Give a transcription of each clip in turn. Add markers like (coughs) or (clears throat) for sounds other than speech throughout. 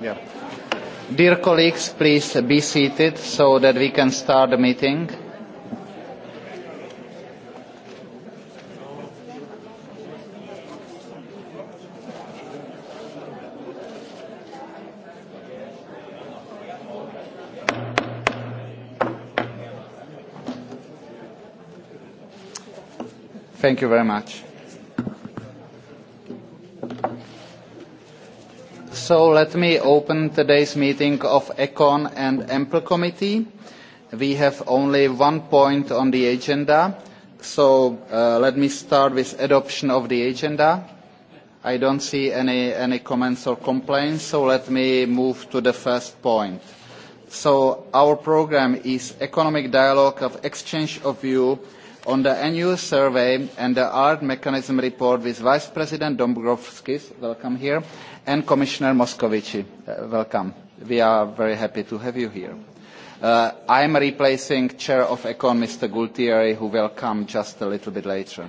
Yeah. Dear colleagues, please be seated so that we can start the meeting. Thank you very much. So let me open today's meeting of Econ and Ample Committee. We have only one point on the agenda, so uh, let me start with adoption of the agenda. I don't see any, any comments or complaints, so let me move to the first point. So our program is economic dialogue of exchange of view on the annual survey and the art mechanism report with Vice President Dombrovskis, welcome here, and Commissioner Moscovici, uh, welcome. We are very happy to have you here. Uh, I am replacing Chair of Econ, Mr. Gultieri, who will come just a little bit later.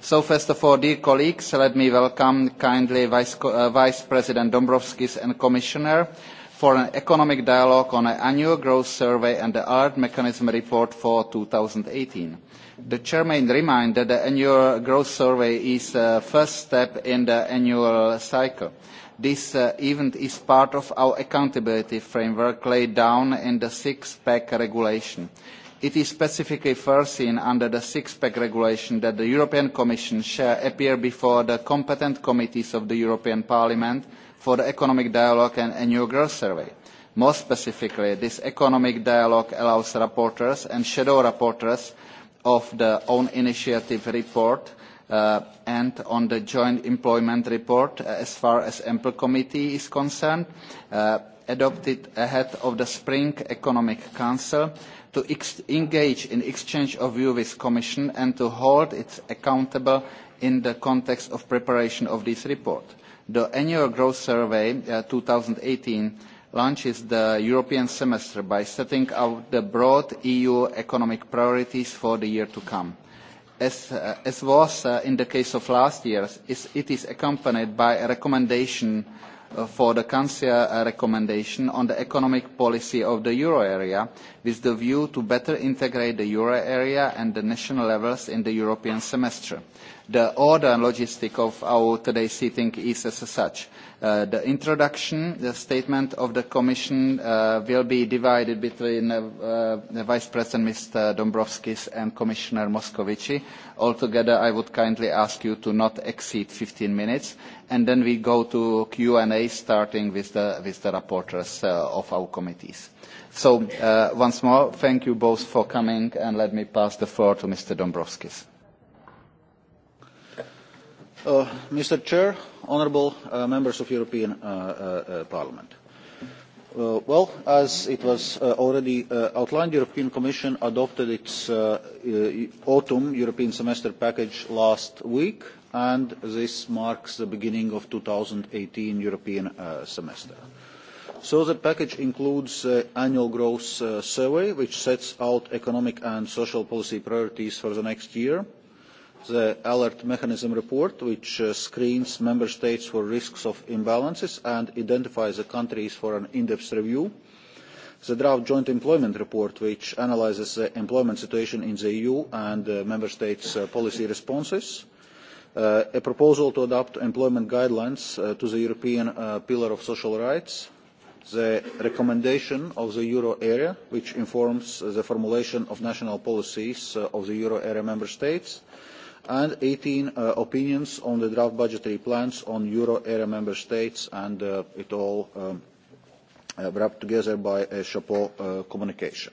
So first of all, dear colleagues, let me welcome kindly Vice, uh, Vice President Dombrovskis and Commissioner for an economic dialogue on an annual growth survey and the art mechanism report for 2018. The chairman reminded that the annual growth survey is the uh, first step in the annual cycle. This uh, event is part of our accountability framework laid down in the six-pack regulation. It is specifically foreseen under the six-pack regulation that the European Commission shall appear before the competent committees of the European Parliament for the economic dialogue and annual growth survey. More specifically, this economic dialogue allows rapporteurs and shadow rapporteurs of the own initiative report uh, and on the joint employment report uh, as far as ample committee is concerned uh, adopted ahead of the spring economic council to ex engage in exchange of views with the commission and to hold it accountable in the context of preparation of this report. the annual growth survey uh, 2018 eighteen launches the European semester by setting out the broad EU economic priorities for the year to come. As, uh, as was uh, in the case of last year, it is accompanied by a recommendation uh, for the Council uh, recommendation on the economic policy of the euro area with the view to better integrate the euro area and the national levels in the European semester. The order and logistic of our today's sitting is as such. Uh, the introduction, the statement of the Commission uh, will be divided between uh, uh the Vice President Mr. Dombrovskis and Commissioner Moscovici. Altogether, I would kindly ask you to not exceed 15 minutes, and then we go to Q&A starting with the, with the rapporteurs uh, of our committees. So, uh, once more, thank you both for coming, and let me pass the floor to Mr. Dombrovskis. Uh, Mr. Chair, honourable uh, members of European uh, uh, uh, Parliament. Uh, well, as it was uh, already uh, outlined, the European Commission adopted its uh, uh, autumn European semester package last week, and this marks the beginning of 2018 European uh, semester. So the package includes the uh, annual growth uh, survey, which sets out economic and social policy priorities for the next year, the alert mechanism report, which uh, screens member states for risks of imbalances and identifies the countries for an in-depth review. The draft joint employment report, which analyzes the employment situation in the EU and uh, member states' uh, policy responses. Uh, a proposal to adopt employment guidelines uh, to the European uh, Pillar of Social Rights, the recommendation of the euro area, which informs the formulation of national policies uh, of the euro area member states, and 18 uh, opinions on the draft budgetary plans on euro area member states and uh, it all um, uh, wrapped together by a chapeau uh, communication.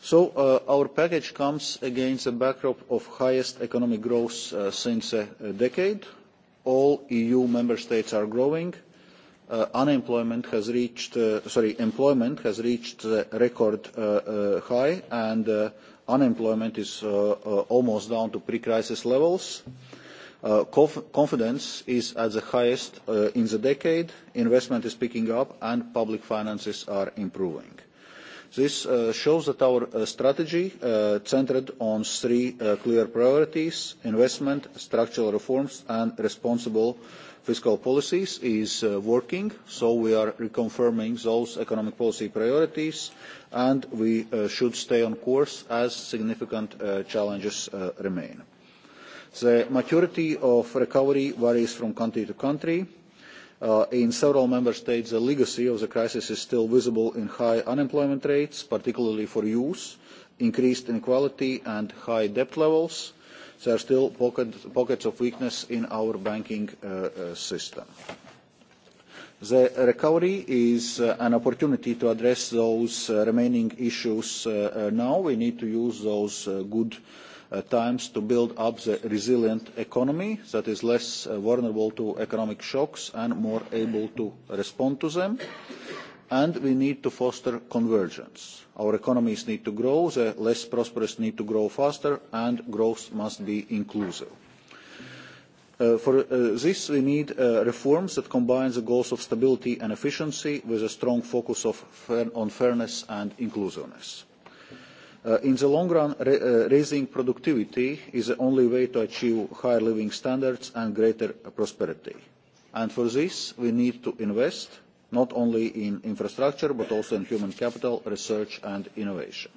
So uh, our package comes against a backdrop of highest economic growth uh, since a, a decade. All EU member states are growing. Uh, unemployment has reached, uh, sorry, employment has reached a record uh, uh, high and uh, unemployment is uh, uh, almost down to pre-crisis levels. Uh, conf confidence is at the highest uh, in the decade, investment is picking up, and public finances are improving. This uh, shows that our uh, strategy uh, centered on three uh, clear priorities, investment, structural reforms, and responsible uh, fiscal policies is uh, working, so we are reconfirming those economic policy priorities, and we uh, should stay on course as significant uh, challenges uh, remain. The maturity of recovery varies from country to country. Uh, in several member states, the legacy of the crisis is still visible in high unemployment rates, particularly for youth, increased inequality, and high debt levels there are still pocket, pockets of weakness in our banking uh, uh, system. The recovery is uh, an opportunity to address those uh, remaining issues uh, uh now. We need to use those uh, good times to build up the resilient economy that is less vulnerable to economic shocks and more able to respond to them. And we need to foster convergence Our economies need to grow, the less prosperous need to grow faster, and growth must be inclusive. Uh, for uh, this, we need uh, reforms that combine the goals of stability and efficiency with a strong focus fair on fairness and inclusiveness. Uh, in the long run, uh, raising productivity is the only way to achieve higher living standards and greater prosperity. And for this, we need to invest not only in infrastructure but also in human capital, research and innovation.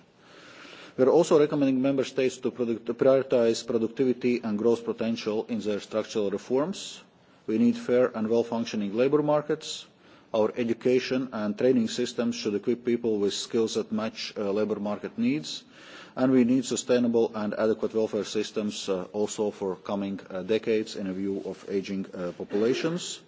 We are also recommending member states to, product, to prioritize productivity and growth potential in their structural reforms. We need fair and well-functioning labour markets. Our education and training systems should equip people with skills that match uh, labour market needs. And we need sustainable and adequate welfare systems uh, also for coming uh, decades in a view of ageing uh, populations.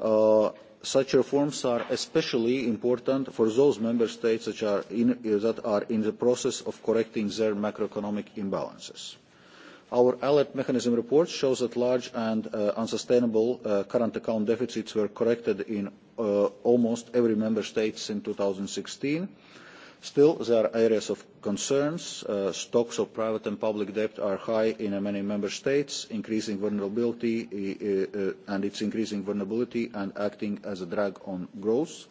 Uh, such reforms are especially important for those member states which are in, that are in the process of correcting their macroeconomic imbalances. Our alert mechanism report shows that large and uh, unsustainable uh, current account deficits were corrected in uh, almost every member state in 2016, Still, there are areas of concerns. Uh, stocks of private and public debt are high in many member states, increasing vulnerability, uh, uh, and it's increasing vulnerability and acting as a drag on growth.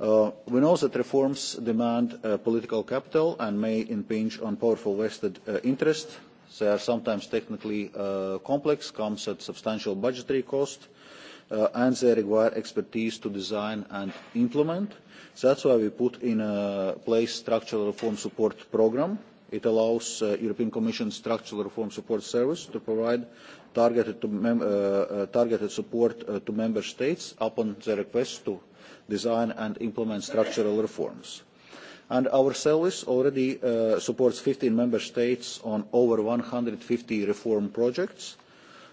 Uh, we know that reforms demand uh, political capital and may impinge on powerful vested uh, interests. They are sometimes technically uh, complex, comes at substantial budgetary cost, uh, and they require expertise to design and implement. That's why we put in a place structural reform support program. It allows uh, European Commission structural reform support service to provide targeted, to mem uh, uh, targeted support uh, to member states upon their request to design and implement structural reforms. And our service already uh, supports 15 member states on over 150 reform projects.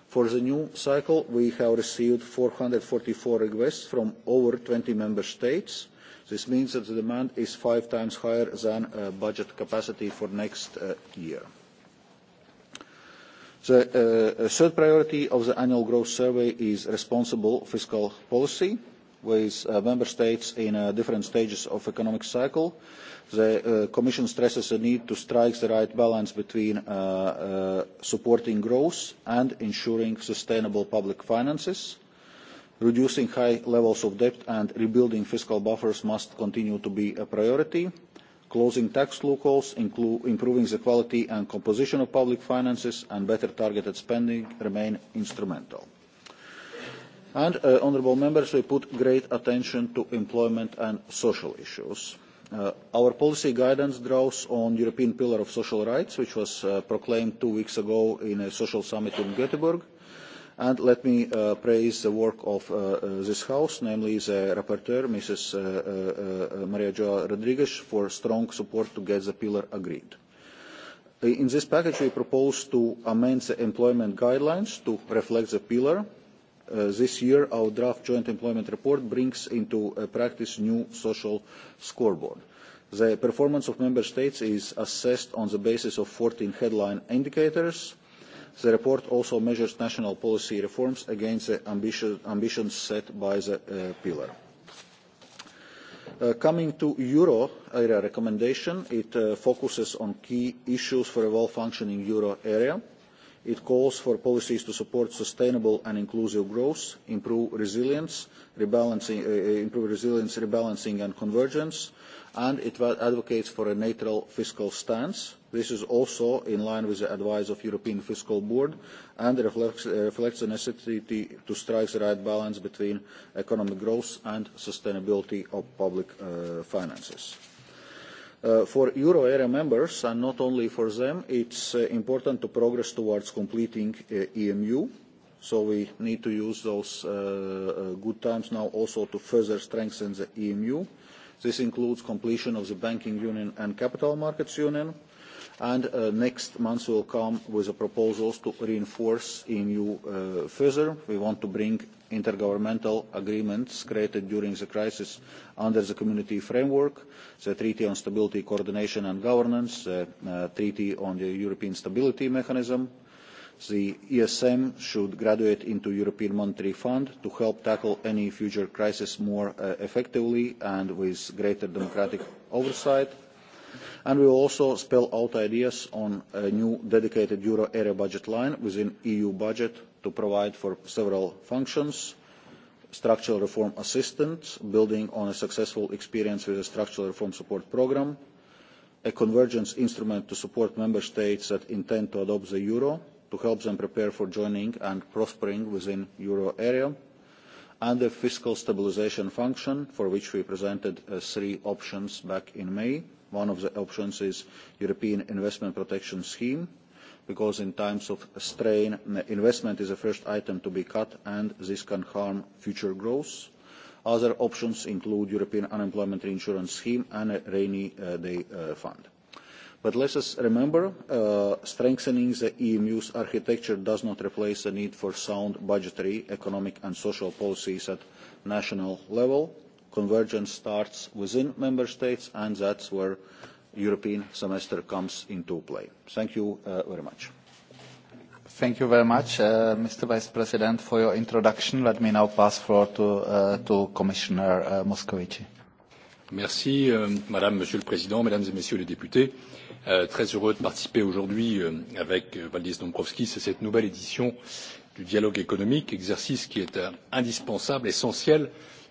For the new cycle, we have received 444 requests from over 20 member states This means that the demand is five times higher than uh, budget capacity for next uh, year. The uh, uh, third priority of the annual growth survey is responsible fiscal policy, with uh, member states in uh, different stages of economic cycle. The uh, Commission stresses the need to strike the right balance between uh, uh, supporting growth and ensuring sustainable public finances. Reducing high levels of debt and rebuilding fiscal buffers must continue to be a priority. Closing tax loopholes, improving the quality and composition of public finances, and better targeted spending remain instrumental. Uh, honourable members, we put great attention to employment and social issues. Uh, our policy guidance draws on the European Pillar of Social Rights, which was uh, proclaimed two weeks ago in a social summit in Göteborg. And let me uh, praise the work of uh, uh this House, namely the rapporteur, Mrs. Uh, uh, uh, Maria Joa Rodriguez, for strong support to get the pillar agreed. In this package, we propose to amend the employment guidelines to reflect the pillar. Uh, this year, our draft joint employment report brings into uh, practice new social scoreboard. The performance of member states is assessed on the basis of 14 headline indicators, The report also measures national policy reforms against the ambition, ambitions set by the uh, pillar. Uh, coming to euro area recommendation, it uh, focuses on key issues for a well-functioning euro area. It calls for policies to support sustainable and inclusive growth, improve resilience, rebalancing, uh, uh improve resilience, rebalancing and convergence, and it advocates for a neutral fiscal stance. This is also in line with the advice of European Fiscal Board and reflects, uh, reflects the necessity to strike the right balance between economic growth and sustainability of public uh, finances. Uh, for euro area members, and not only for them, it's uh, important to progress towards completing uh, EMU. So we need to use those uh, uh, good times now also to further strengthen the EMU. This includes completion of the Banking Union and Capital Markets Union. And uh, next month we'll come with the proposals to reinforce EMU uh, further. We want to bring intergovernmental agreements created during the crisis under the community framework, the Treaty on Stability, Coordination and Governance, the uh, Treaty on the European Stability Mechanism. The ESM should graduate into European Monetary Fund to help tackle any future crisis more uh, effectively and with greater democratic oversight and we will also spell out ideas on a new dedicated euro area budget line within EU budget to provide for several functions, structural reform assistance, building on a successful experience with the structural reform support program, a convergence instrument to support member states that intend to adopt the euro, to help them prepare for joining and prospering within the euro area, and a fiscal stabilisation function, for which we presented uh, three options back in May. One of the options is European Investment Protection Scheme, because in times of strain, investment is the first item to be cut and this can harm future growth. Other options include European Unemployment Insurance Scheme and a Rainy uh, Day uh, Fund. But let us remember, uh, strengthening the EMU's architecture does not replace the need for sound budgetary, economic and social policies at national level. Convergence starts within member states and that's where European semester comes into play. Thank you uh, very much. Thank you very much, uh, Mr. Vice President, for your introduction. Let me now pass floor to, uh, to Commissioner uh, Moscovici. Merci, euh, Madame, Monsieur le Président, Mesdames et Messieurs les députés. Euh, très heureux de participer aujourd'hui euh, avec euh, Valdis Dombrovskis à cette nouvelle édition du dialogue économique, exercice qui est euh, indispensable, essentiel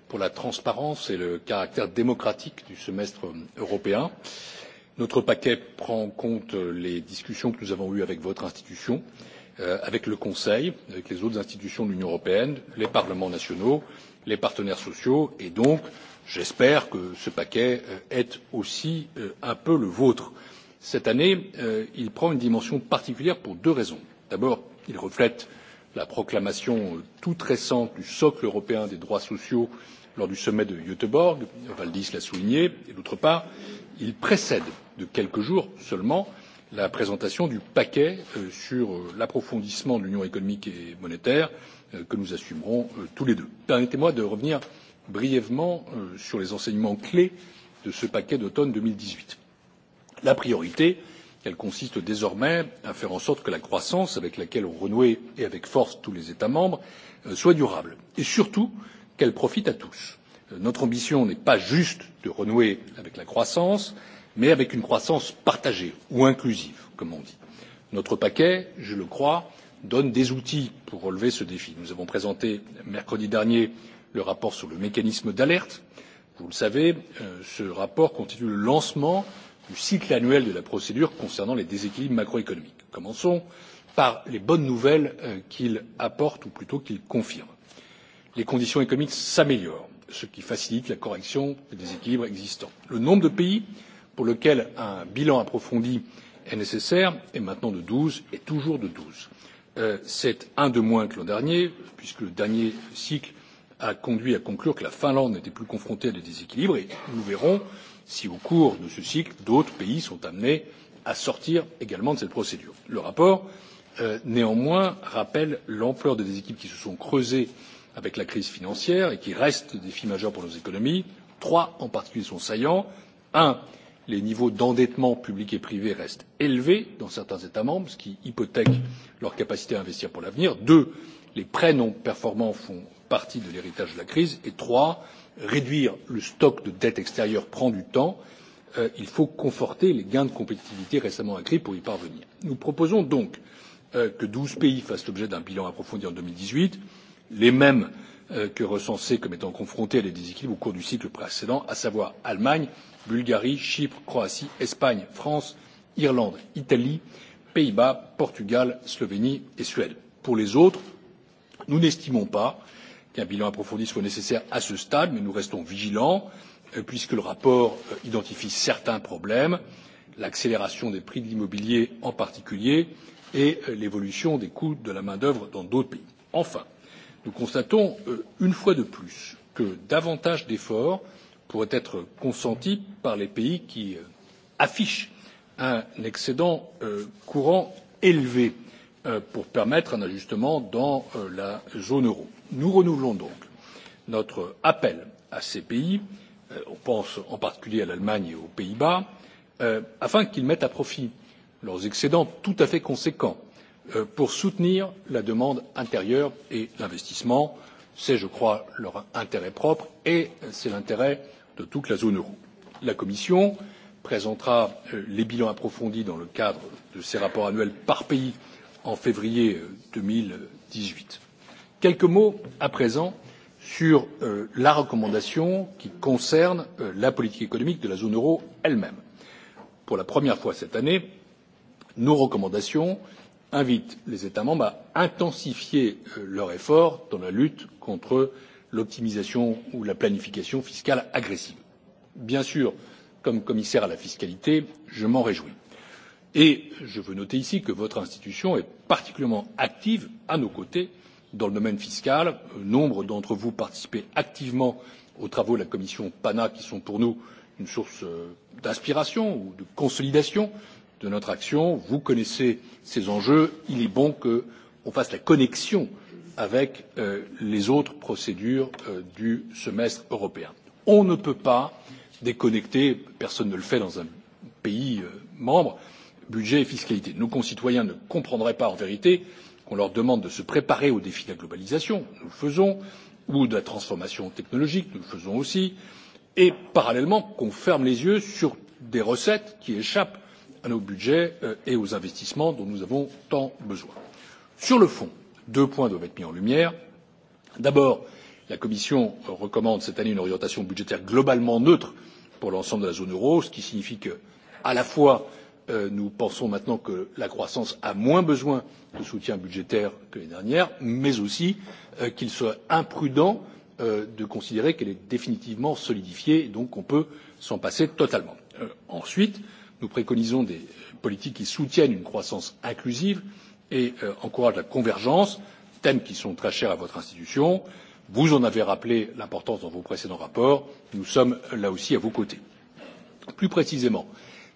pour la transparence et le caractère démocratique du semestre européen. Euh, Notre paquet prend en compte les discussions que nous avons eues avec votre institution, euh, avec le Conseil, avec les autres institutions de l'Union européenne, les parlements nationaux, les partenaires sociaux et donc j'espère que ce paquet euh, est aussi euh, un peu le vôtre. Cette année, euh, il prend une dimension particulière pour deux raisons. D'abord, il reflète la proclamation toute récente du socle européen des droits sociaux lors du sommet de Göteborg, Valdis l'a souligné, et d'autre part, il précède de quelques jours seulement la présentation du paquet euh, sur euh, l'approfondissement de l'union économique et monétaire euh, que nous assumerons tous les deux. permettez moi de revenir brièvement sur les enseignements clés de ce paquet d'automne. deux mille dix huit la priorité elle consiste désormais à faire en sorte que la croissance avec laquelle ont renoué et avec force tous les états membres soit durable et surtout qu'elle profite à tous. Notre ambition n'est pas juste de renouer avec la croissance, mais avec une croissance partagée ou inclusive, comme on dit. Notre paquet, je le crois, donne des outils pour relever ce défi. Nous avons présenté mercredi dernier le rapport sur le mécanisme d'alerte. Vous le savez, euh, ce rapport constitue le lancement du cycle annuel de la procédure concernant les déséquilibres macroéconomiques. Commençons par les bonnes nouvelles euh, qu'il apporte ou plutôt qu'il confirme. Les conditions économiques s'améliorent ce qui facilite la correction des déséquilibres existants. le nombre de pays pour lesquels un bilan approfondi est nécessaire est maintenant de douze et toujours de douze. Euh, c'est un de moins que l'an dernier puisque le dernier cycle a conduit à conclure que la finlande n'était plus confrontée à des déséquilibres et nous verrons si au cours de ce cycle d'autres pays sont amenés à sortir également de cette procédure. le rapport euh, néanmoins rappelle l'ampleur des déséquilibres qui se sont creusés avec la crise financière et qui restent des défis majeurs pour nos économies. Trois en particulier sont saillants. Un, les niveaux d'endettement public et privé restent élevés dans certains États membres, ce qui hypothèque leur capacité à investir pour l'avenir. Deux, les prêts non performants font partie de l'héritage de la crise. Et trois, réduire le stock de dette extérieure prend du temps. Euh, il faut conforter les gains de compétitivité récemment acquis pour y parvenir. Nous proposons donc euh, que douze pays fassent l'objet d'un bilan approfondi en deux mille dix huit les mêmes euh, que recensés comme étant confrontés à des déséquilibres au cours du cycle précédent à savoir allemagne bulgarie chypre croatie espagne france irlande italie pays bas portugal slovénie et suède. pour les autres nous n'estimons pas qu'un bilan approfondi soit nécessaire à ce stade mais nous restons vigilants euh, puisque le rapport euh, identifie certains problèmes l'accélération des prix de l'immobilier en particulier et l'évolution des coûts de la main d'œuvre dans d'autres pays. enfin nous constatons euh, une fois de plus que davantage d'efforts pourraient être consentis par les pays qui euh, affichent un excédent euh, courant élevé pour permettre un ajustement dans la zone euro. Nous renouvelons donc notre appel à ces pays on pense en particulier à l'Allemagne et aux Pays Bas afin qu'ils mettent à profit leurs excédents tout à fait conséquents Euh, pour soutenir la demande intérieure et l'investissement. C'est, je crois, leur intérêt propre et c'est l'intérêt de toute la zone euro. La Commission présentera euh, les bilans approfondis dans le cadre de ses rapports annuels par pays en février euh, deux mille dix huit. Quelques mots à présent sur la recommandation qui concerne la politique économique de la zone euro elle même. Pour la première fois cette année, nos recommandations invite les États membres à intensifier euh, leurs efforts dans la lutte contre l'optimisation ou la planification fiscale agressive. Bien sûr, comme commissaire à la fiscalité, je m'en réjouis. Et je veux noter ici que votre institution est particulièrement active à nos côtés dans le domaine fiscal. Euh, nombre d'entre vous participez activement aux travaux de la commission PANA qui sont pour nous une source euh, d'inspiration ou de consolidation de notre action. Vous connaissez ces enjeux. Il est bon que qu'on fasse la connexion avec euh, les autres procédures euh, du semestre européen. On ne peut pas déconnecter, personne ne le fait dans un pays euh, membre, budget et fiscalité. Nos concitoyens ne comprendraient pas en vérité qu'on leur demande de se préparer aux défis de la globalisation, nous le faisons, ou de la transformation technologique, nous le faisons aussi, et parallèlement qu'on ferme les yeux sur des recettes qui échappent à nos budgets euh, et aux investissements dont nous avons tant besoin. sur le fond deux points doivent être mis en lumière d'abord la commission recommande cette année une orientation budgétaire globalement neutre pour l'ensemble de la zone euro ce qui signifie que à la fois euh, nous pensons maintenant que la croissance a moins besoin de soutien budgétaire que l'année dernière mais aussi euh, qu'il soit imprudent de considérer qu'elle est définitivement solidifiée et donc qu'on peut s'en passer totalement. ensuite nous préconisons des politiques qui soutiennent une croissance inclusive et euh, encouragent la convergence thèmes qui sont très chers à votre institution vous en avez rappelé l'importance dans vos précédents rapports nous sommes euh, là aussi à vos côtés. plus précisément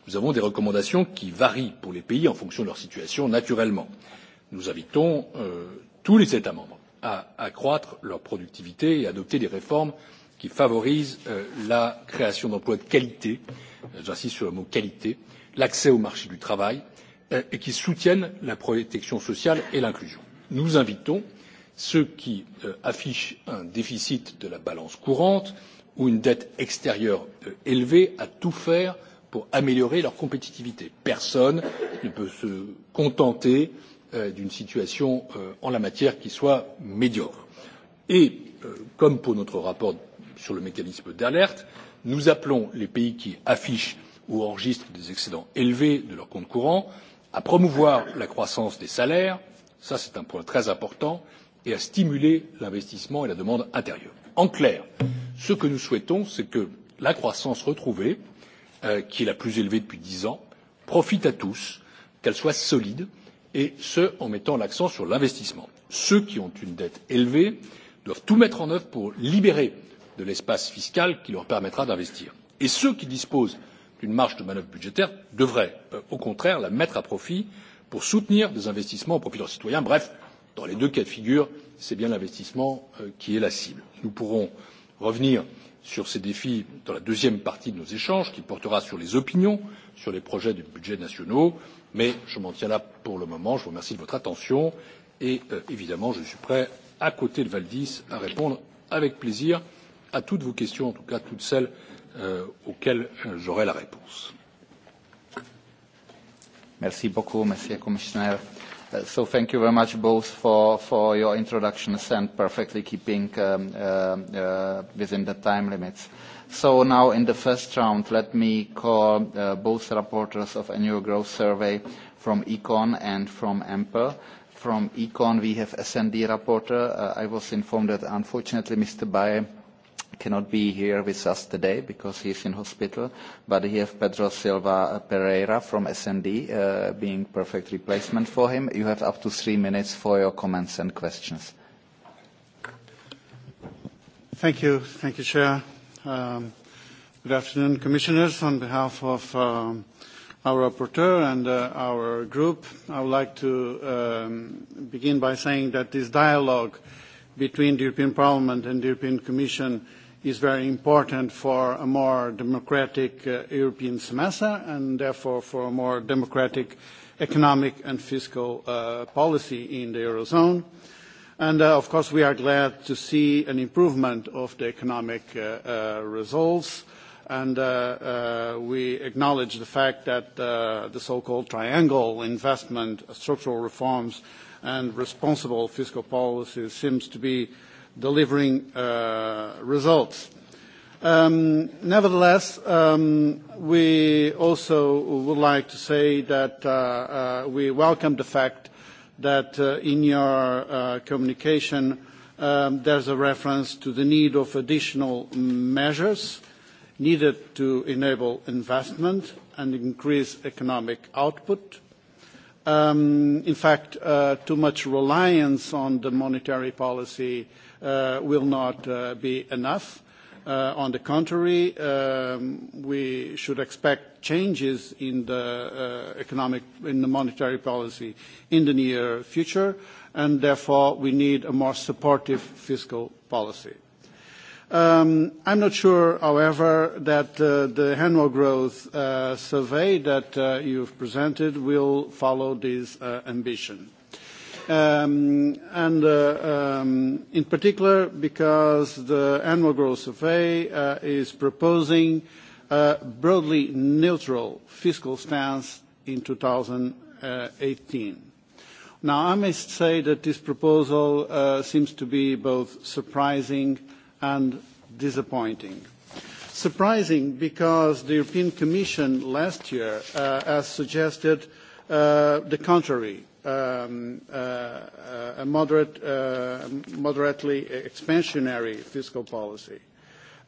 nous avons des recommandations qui varient pour les pays en fonction de leur situation naturellement. nous invitons euh, tous les états membres à accroître leur productivité et à adopter des réformes qui favorisent euh, la création d'emplois de qualité j'insiste sur le mot qualité l'accès au marché du travail euh, et qui soutiennent la protection sociale et l'inclusion. nous invitons ceux qui euh, affichent un déficit de la balance courante ou une dette extérieure euh, élevée à tout faire pour améliorer leur compétitivité. personne ne peut se contenter d'une situation en la matière qui soit médiocre. et comme pour notre rapport sur le mécanisme d'alerte nous appelons les pays qui affichent ou enregistrent des excédents élevés de leurs comptes courants à promouvoir la croissance des salaires c'est un point très important et à stimuler l'investissement et la demande intérieure. en clair ce que nous souhaitons c'est que la croissance retrouvée euh, qui est la plus élevée depuis dix ans profite à tous qu'elle soit solide et ce en mettant l'accent sur l'investissement. ceux qui ont une dette élevée doivent tout mettre en œuvre pour libérer de l'espace fiscal qui leur permettra d'investir. Et ceux qui disposent d'une marge de manœuvre budgétaire devraient, euh, au contraire, la mettre à profit pour soutenir des investissements au profit de leurs citoyens. Bref, dans les deux cas de figure, c'est bien l'investissement euh, qui est la cible. Nous pourrons revenir sur ces défis dans la deuxième partie de nos échanges, qui portera sur les opinions, sur les projets de budget nationaux, mais je m'en tiens là pour le moment. Je vous remercie de votre attention et euh, évidemment, je suis prêt, à côté de Valdis, à répondre avec plaisir à toutes vos questions, en tout cas toutes celles euh, auxquelles euh, j'aurai la réponse. Merci beaucoup, Monsieur le Commissaire. Uh, so thank you very much both for, for your introductions and perfectly keeping um, uh, uh, within the time limits. So now in the first round, let me call uh, both rapporteurs of annual growth survey from Econ and from EMPER. From Econ, we have SND reporter. Uh, I was informed that unfortunately Mr. Bayer cannot be here with us today because he is in hospital, but we have Pedro Silva Pereira from SND uh, being perfect replacement for him. You have up to three minutes for your comments and questions. Thank you. Thank you, Chair. Um, good afternoon, Commissioners. On behalf of um, our rapporteur and uh, our group, I would like to um, begin by saying that this dialogue between the European Parliament and the European Commission is very important for a more democratic uh, European semester and therefore for a more democratic economic and fiscal uh, policy in the Eurozone. And uh, of course we are glad to see an improvement of the economic uh, uh, results and uh, uh, we acknowledge the fact that uh, the so-called triangle investment, structural reforms and responsible fiscal policies seems to be uh, delivering uh, results. Um, nevertheless, um, we also would like to say that uh, uh, we welcome the fact that uh, in your uh, communication, um, there's a reference to the need of additional measures needed to enable investment and increase economic output. Um, in fact, uh, too much reliance on the monetary policy uh, will not uh, be enough. Uh, on the contrary, um, we should expect changes in the uh, economic, in the monetary policy in the near future, and therefore we need a more supportive fiscal policy. Um, I'm not sure, however, that uh, the annual growth uh, survey that uh, you've presented will follow this uh, ambition. Um, and uh, um, in particular because the annual growth survey uh, is proposing a broadly neutral fiscal stance in 2018. Now, I must say that this proposal uh, seems to be both surprising and disappointing. Surprising because the European Commission last year uh, has suggested uh, the contrary, Um, uh, a moderate, uh, moderately expansionary fiscal policy.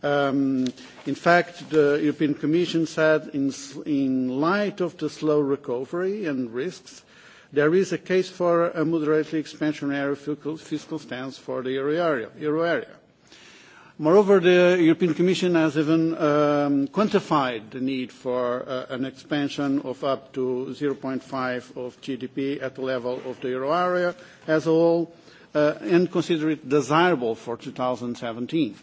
Um, in fact, the European Commission said in, in light of the slow recovery and risks, there is a case for a moderately expansionary fiscal, fiscal stance for the euro area. Euro area. Moreover, the European Commission has even um, quantified the need for uh, an expansion of up to 0.5 of GDP at the level of the euro area as a whole uh, and consider it desirable for 2017.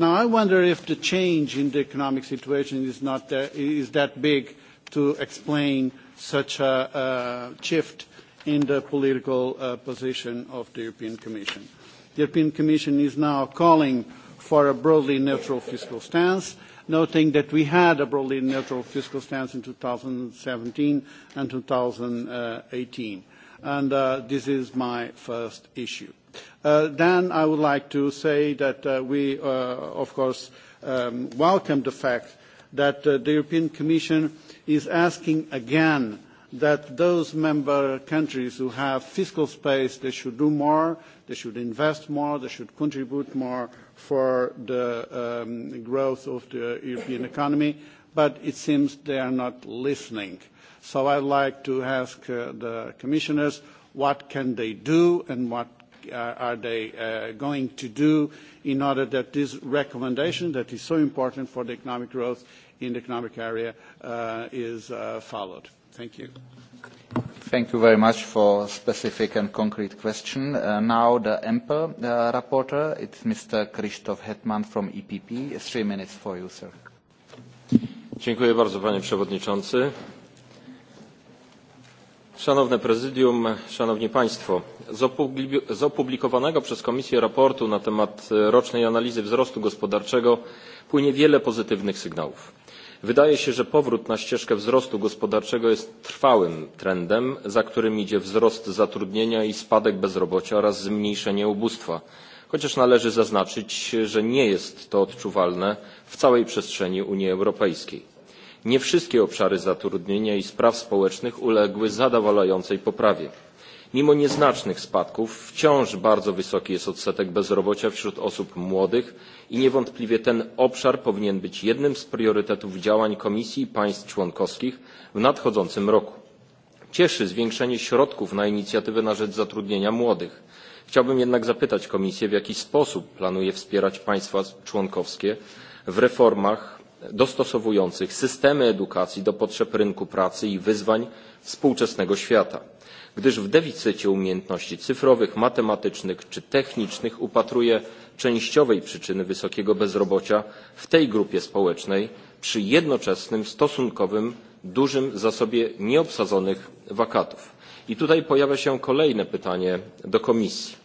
Now, I wonder if the change in the economic situation is, not that, is that big to explain such a shift in the political uh, position of the European Commission. The European Commission is now calling for a broadly neutral fiscal stance, noting that we had a broadly neutral fiscal stance in 2017 and 2018. And uh, this is my first issue. Uh, then I would like to say that uh, we, uh, of course, um, welcome the fact that uh, the European Commission is asking again that those member countries who have fiscal space, they should do more They should invest more. They should contribute more for the um, growth of the European economy. But it seems they are not listening. So I'd like to ask uh, the commissioners what can they do and what uh, are they uh, going to do in order that this recommendation that is so important for the economic growth in the economic area uh, is uh, followed. Thank you. Thank you very much for specific and concrete question. Uh, now the EMPER uh, rapporteur, it's Mr. Krzysztof Hetman from EPP. Three minutes for you, sir. Dziękuję bardzo, panie przewodniczący. Szanowne Prezydium, Szanowni Państwo, z opublikowanego przez Komisję raportu na temat rocznej analizy wzrostu gospodarczego płynie wiele pozytywnych sygnałów. Wydaje się, że powrót na ścieżkę wzrostu gospodarczego jest trwałym trendem, za którym idzie wzrost zatrudnienia i spadek bezrobocia oraz zmniejszenie ubóstwa. Chociaż należy zaznaczyć, że nie jest to odczuwalne w całej przestrzeni Unii Europejskiej. Nie wszystkie obszary zatrudnienia i spraw społecznych uległy zadowalającej poprawie. Mimo nieznacznych spadków wciąż bardzo wysoki jest odsetek bezrobocia wśród osób młodych i niewątpliwie ten obszar powinien być jednym z priorytetów działań Komisji i państw członkowskich w nadchodzącym roku. Cieszy zwiększenie środków na inicjatywy na rzecz zatrudnienia młodych. Chciałbym jednak zapytać Komisję, w jaki sposób planuje wspierać państwa członkowskie w reformach dostosowujących systemy edukacji do potrzeb rynku pracy i wyzwań współczesnego świata gdyż w deficycie umiejętności cyfrowych, matematycznych czy technicznych upatruje częściowej przyczyny wysokiego bezrobocia w tej grupie społecznej przy jednoczesnym stosunkowym dużym zasobie nieobsadzonych wakatów. I tutaj pojawia się kolejne pytanie do Komisji.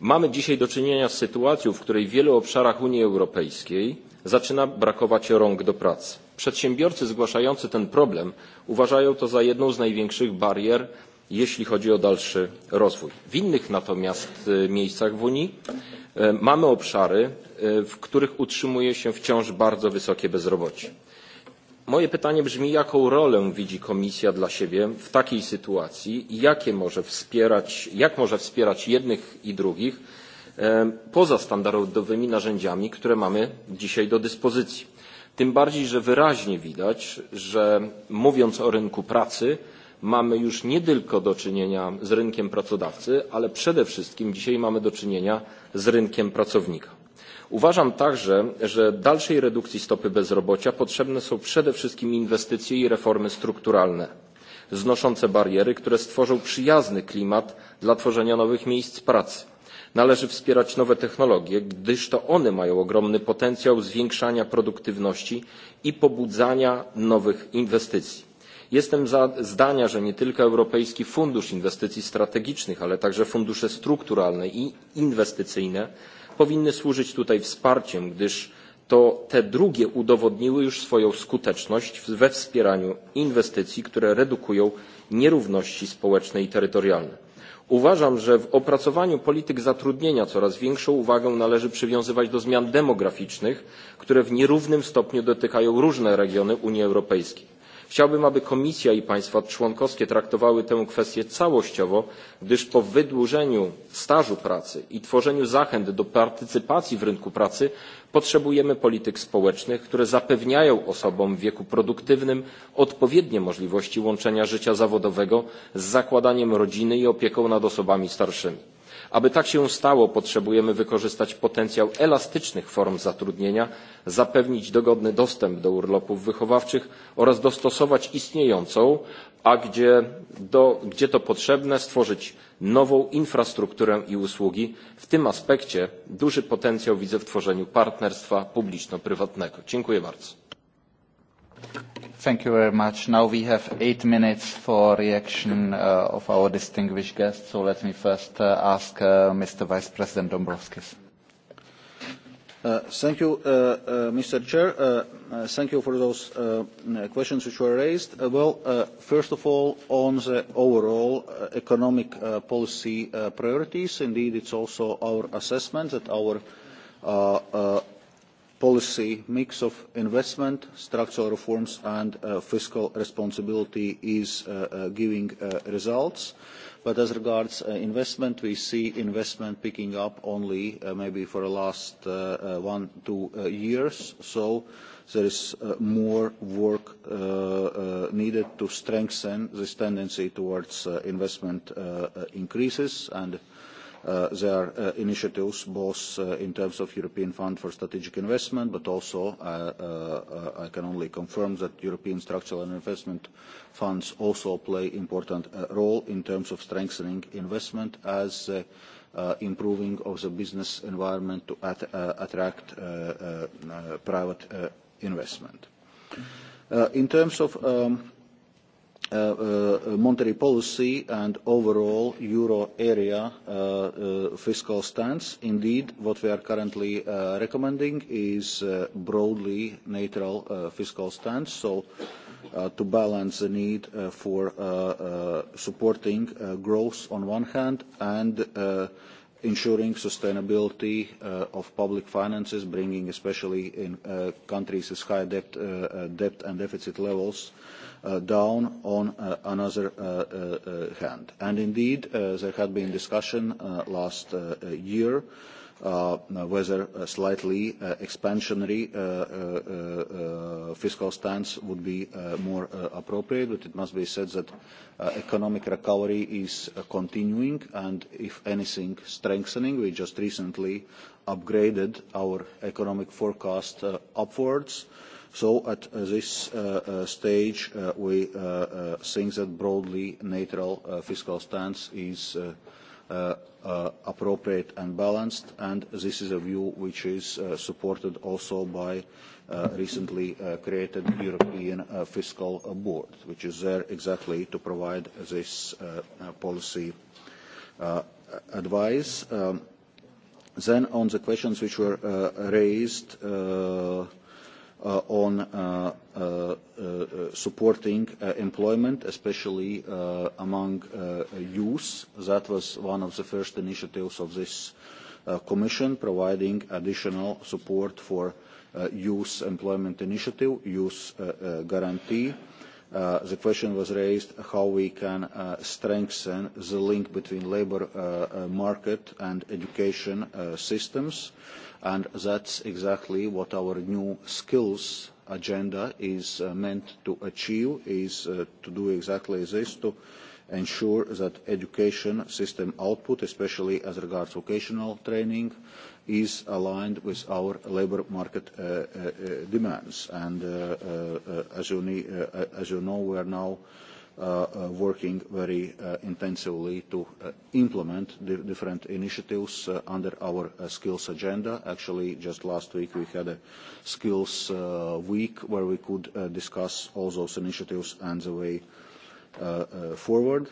Mamy dzisiaj do czynienia z sytuacją, w której w wielu obszarach Unii Europejskiej zaczyna brakować rąk do pracy. Przedsiębiorcy zgłaszający ten problem uważają to za jedną z największych barier jeśli chodzi o dalszy rozwój. W innych natomiast e, miejscach w Unii e, mamy obszary, e, w których utrzymuje się wciąż bardzo wysokie bezrobocie. Moje pytanie brzmi, jaką rolę widzi Komisja dla siebie w takiej sytuacji i jakie może wspierać, jak może wspierać jednych i drugich poza standardowymi narzędziami, które mamy dzisiaj do dyspozycji. Tym bardziej, że wyraźnie widać, że mówiąc o rynku pracy, mamy już nie tylko do czynienia z rynkiem pracodawcy, ale przede wszystkim dzisiaj mamy do czynienia z rynkiem pracownika. Uważam także, że dalszej redukcji stopy bezrobocia potrzebne są przede wszystkim inwestycje i reformy strukturalne, znoszące bariery, które stworzą przyjazny klimat dla tworzenia nowych miejsc pracy. Należy wspierać nowe technologie, gdyż to one mają ogromny potencjał zwiększania produktywności i pobudzania nowych inwestycji. Jestem za, zdania, że nie tylko Europejski Fundusz Inwestycji Strategicznych, ale także fundusze strukturalne i inwestycyjne powinny służyć tutaj wsparciem, gdyż to te drugie udowodniły już swoją skuteczność we wspieraniu inwestycji, które redukują nierówności społeczne i terytorialne. Uważam, że w opracowaniu polityk zatrudnienia coraz większą uwagę należy przywiązywać do zmian demograficznych, które w nierównym stopniu dotykają różne regiony Unii Europejskiej. Chciałbym, aby Komisja i państwa członkowskie traktowały tę kwestię całościowo, gdyż po wydłużeniu stażu pracy i tworzeniu zachęt do partycypacji w rynku pracy potrzebujemy polityk społecznych, które zapewniają osobom w wieku produktywnym odpowiednie możliwości łączenia życia zawodowego z zakładaniem rodziny i opieką nad osobami starszymi. Aby tak się stało, potrzebujemy wykorzystać potencjał elastycznych form zatrudnienia, zapewnić dogodny dostęp do urlopów wychowawczych oraz dostosować istniejącą, a gdzie, do, gdzie to potrzebne, stworzyć nową infrastrukturę i usługi. W tym aspekcie duży potencjał widzę w tworzeniu partnerstwa publiczno-prywatnego. Dziękuję bardzo. Thank you very much. Now we have eight minutes for reaction uh, of our distinguished guests. So let me first uh, ask uh, Mr. Vice President Dombrovskis. Uh, thank you, uh, uh, Mr. Chair. Uh, uh, thank you for those uh, questions which were raised. Uh, well, uh, first of all, on the overall uh, economic uh, policy uh, priorities, indeed, it's also our assessment that our uh, uh, policy mix of investment, structural reforms and uh, fiscal responsibility is uh, uh, giving uh, results. But as regards uh, investment, we see investment picking up only uh, maybe for the last one, two years. So there is more work needed to strengthen this tendency towards investment increases and uh, their uh, initiatives, both uh, in terms of European Fund for Strategic Investment, but also uh, uh, uh, I can only confirm that European Structural and Investment Funds also play important uh, role in terms of strengthening investment as uh, uh, improving of the business environment to at, uh, attract uh, uh, uh private uh, investment. Uh, in terms of um, Uh, uh, monetary policy and overall euro area uh, uh, fiscal stance. Indeed, what we are currently uh, recommending is uh, broadly neutral uh, fiscal stance, so uh, to balance the need uh, for uh, uh, supporting uh, growth on one hand and uh, ensuring sustainability uh, of public finances, bringing especially in uh, countries with high debt, uh, uh, debt and deficit levels uh, uh, down on uh, another uh, uh, hand. And indeed, uh, there had been discussion uh, last uh, year uh, whether a slightly uh, expansionary uh, uh, uh, fiscal stance would be uh, more uh, appropriate, but it must be said that uh, economic recovery is uh, continuing and, if anything, strengthening. We just recently upgraded our economic forecast uh, upwards. Uh, So at uh, this uh, uh, stage, we think that broadly neutral fiscal stance is appropriate and balanced, and this is a view which is supported also by Uh, recently uh, created European uh, Fiscal Board, which is there exactly to provide this policy advice. Um, then on the questions which were raised, uh, on uh, uh, uh, supporting uh, employment, especially uh, among uh, youth. That was one of the first initiatives of this uh, Commission, providing additional support for uh, youth employment initiative, youth uh, uh, guarantee. Uh, the question was raised how we can uh, strengthen the link between labour uh, uh, market and education uh, systems. And that's exactly what our new skills agenda is uh, meant to achieve, is uh, to do exactly this, to ensure that education system output, especially as regards vocational training, is aligned with our labour market uh, uh, uh, demands. And uh, uh, uh as, you need, uh, uh, as you know, we are now Uh, uh, working very uh, intensively to uh, implement the different initiatives uh, under our uh, skills agenda. Actually, just last week we had a skills uh, week where we could uh, discuss all those initiatives and the way uh, uh, forward.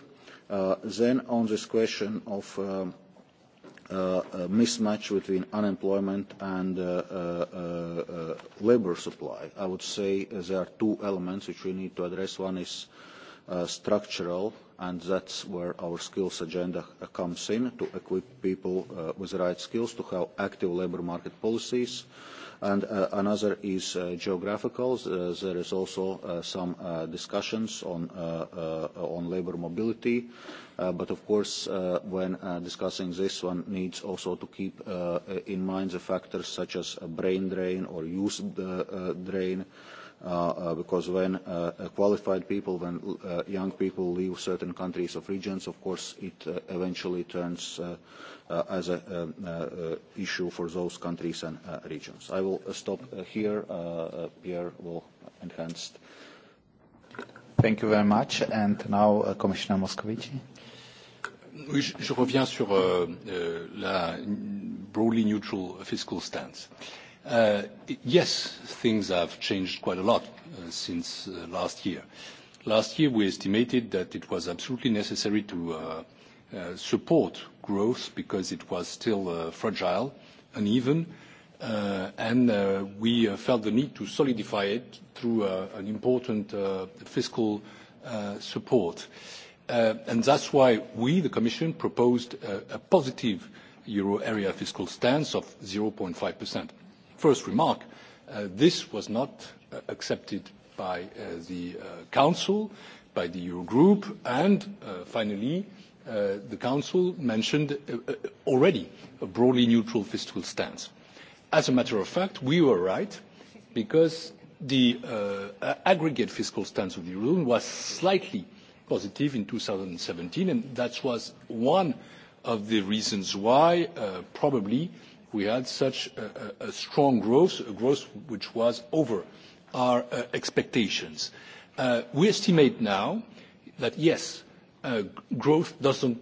Uh, then on this question of um, uh, uh, a mismatch between unemployment and uh, uh, uh, uh, labor supply, I would say there are two elements which we need to address. One is uh, Uh, structural, and that's where our skills agenda uh, comes in, to equip people uh, with the right skills to have active labour market policies. And uh, another is uh, geographical. Uh, there is also uh, some uh, discussions on, uh, uh, on labour mobility. Uh, but of course, uh, when uh, discussing this, one needs also to keep uh, in mind the factors such as brain drain or youth uh, uh, drain, uh, Uh, uh, because when uh, uh, qualified people, when uh, young people leave certain countries of regions, of course it uh, eventually turns uh, uh, as an um, uh, uh, issue for those countries and uh, regions. I will uh, stop uh, here. Uh, uh, Pierre will enhance. Thank you very much. And now uh, Commissioner Moscovici. Oui, je, je reviens sur euh, euh, la broadly neutral fiscal stance. Euh, Uh, yes, things have changed quite a lot uh, since uh, last year. Last year, we estimated that it was absolutely necessary to uh, uh, support growth because it was still uh, fragile, uneven, uh, and uh, we uh, felt the need to solidify it through uh, an important uh, fiscal uh, support. Uh, and that's why we, the Commission, proposed a, uh, a positive euro area fiscal stance of 0.5 percent first remark, uh, this was not uh, accepted by uh, the uh, Council, by the Eurogroup, and uh, finally, uh, the Council mentioned uh, uh, already a broadly neutral fiscal stance. As a matter of fact, we were right because the uh, aggregate fiscal stance of the Eurozone was slightly positive in 2017, and that was one of the reasons why uh, probably uh, we had such a, strong growth, a growth which was over our uh, expectations. Uh, we estimate now that, yes, uh, growth doesn't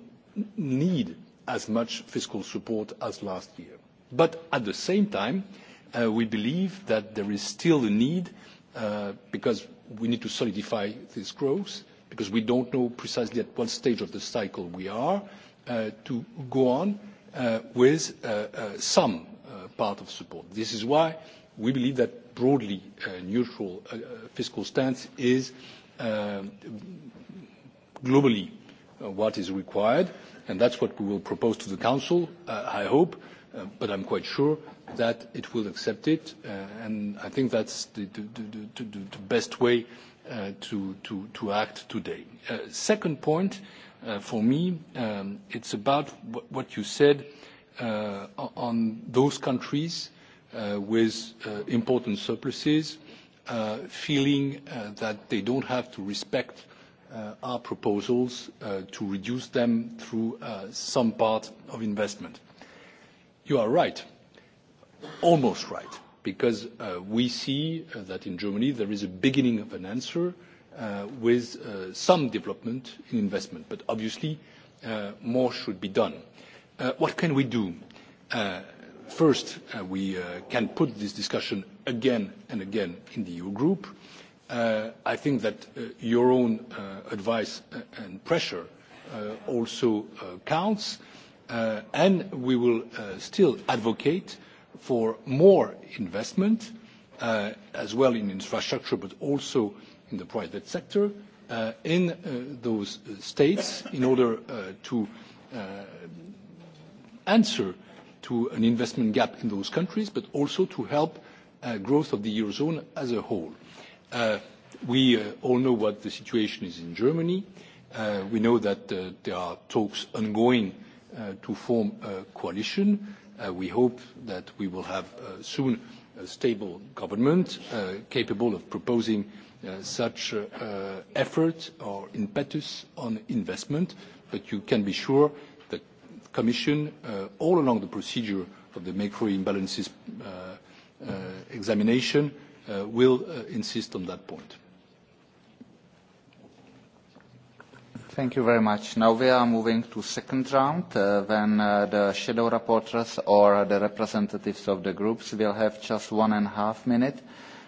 need as much fiscal support as last year. But at the same time, we believe that there is still a need, because we need to solidify this growth, because we don't know precisely at what stage of the cycle we are, to go on Uh, with uh, uh, some part of support. This is why we believe that broadly neutral fiscal stance is globally what is required, and that's what we will propose to the Council, I hope, but but I'm quite sure that it will accept it, and I think that's the, the, best way to, act today. second point, uh, for me, um, it's about what you said uh, on those countries uh, with uh, important surpluses, uh, feeling uh, that they don't have to respect uh, our proposals uh, to reduce them through uh, some part of investment. You are right, almost right, because uh, we see uh, that in Germany there is a beginning of an answer Uh, with uh, some development in investment. But obviously, uh, more should be done. Uh, what can we do? Uh, first, uh, we uh, can put this discussion again and again in the EU group. Uh, I think that uh, your own uh, advice uh, and pressure uh, also uh, counts, uh, and we will uh, still advocate for more investment, uh, as well in infrastructure, but also in the private sector uh, in uh, those states in order uh, to uh, answer to an investment gap in those countries, but also to help uh, growth of the Eurozone as a whole. Uh, we uh, all know what the situation is in Germany. Uh, we know that uh, there are talks ongoing uh, to form a coalition. Uh, we hope that we will have uh, soon uh, a stable government uh, capable of proposing uh, such uh, uh, effort or impetus on investment, but you can be sure the Commission, uh, all along the procedure of the macro imbalances uh, uh, examination, uh, will uh, insist on that point. Thank you very much. Now we are moving to second round uh, when uh, the shadow reporters or the representatives of the groups will have just one and a half minute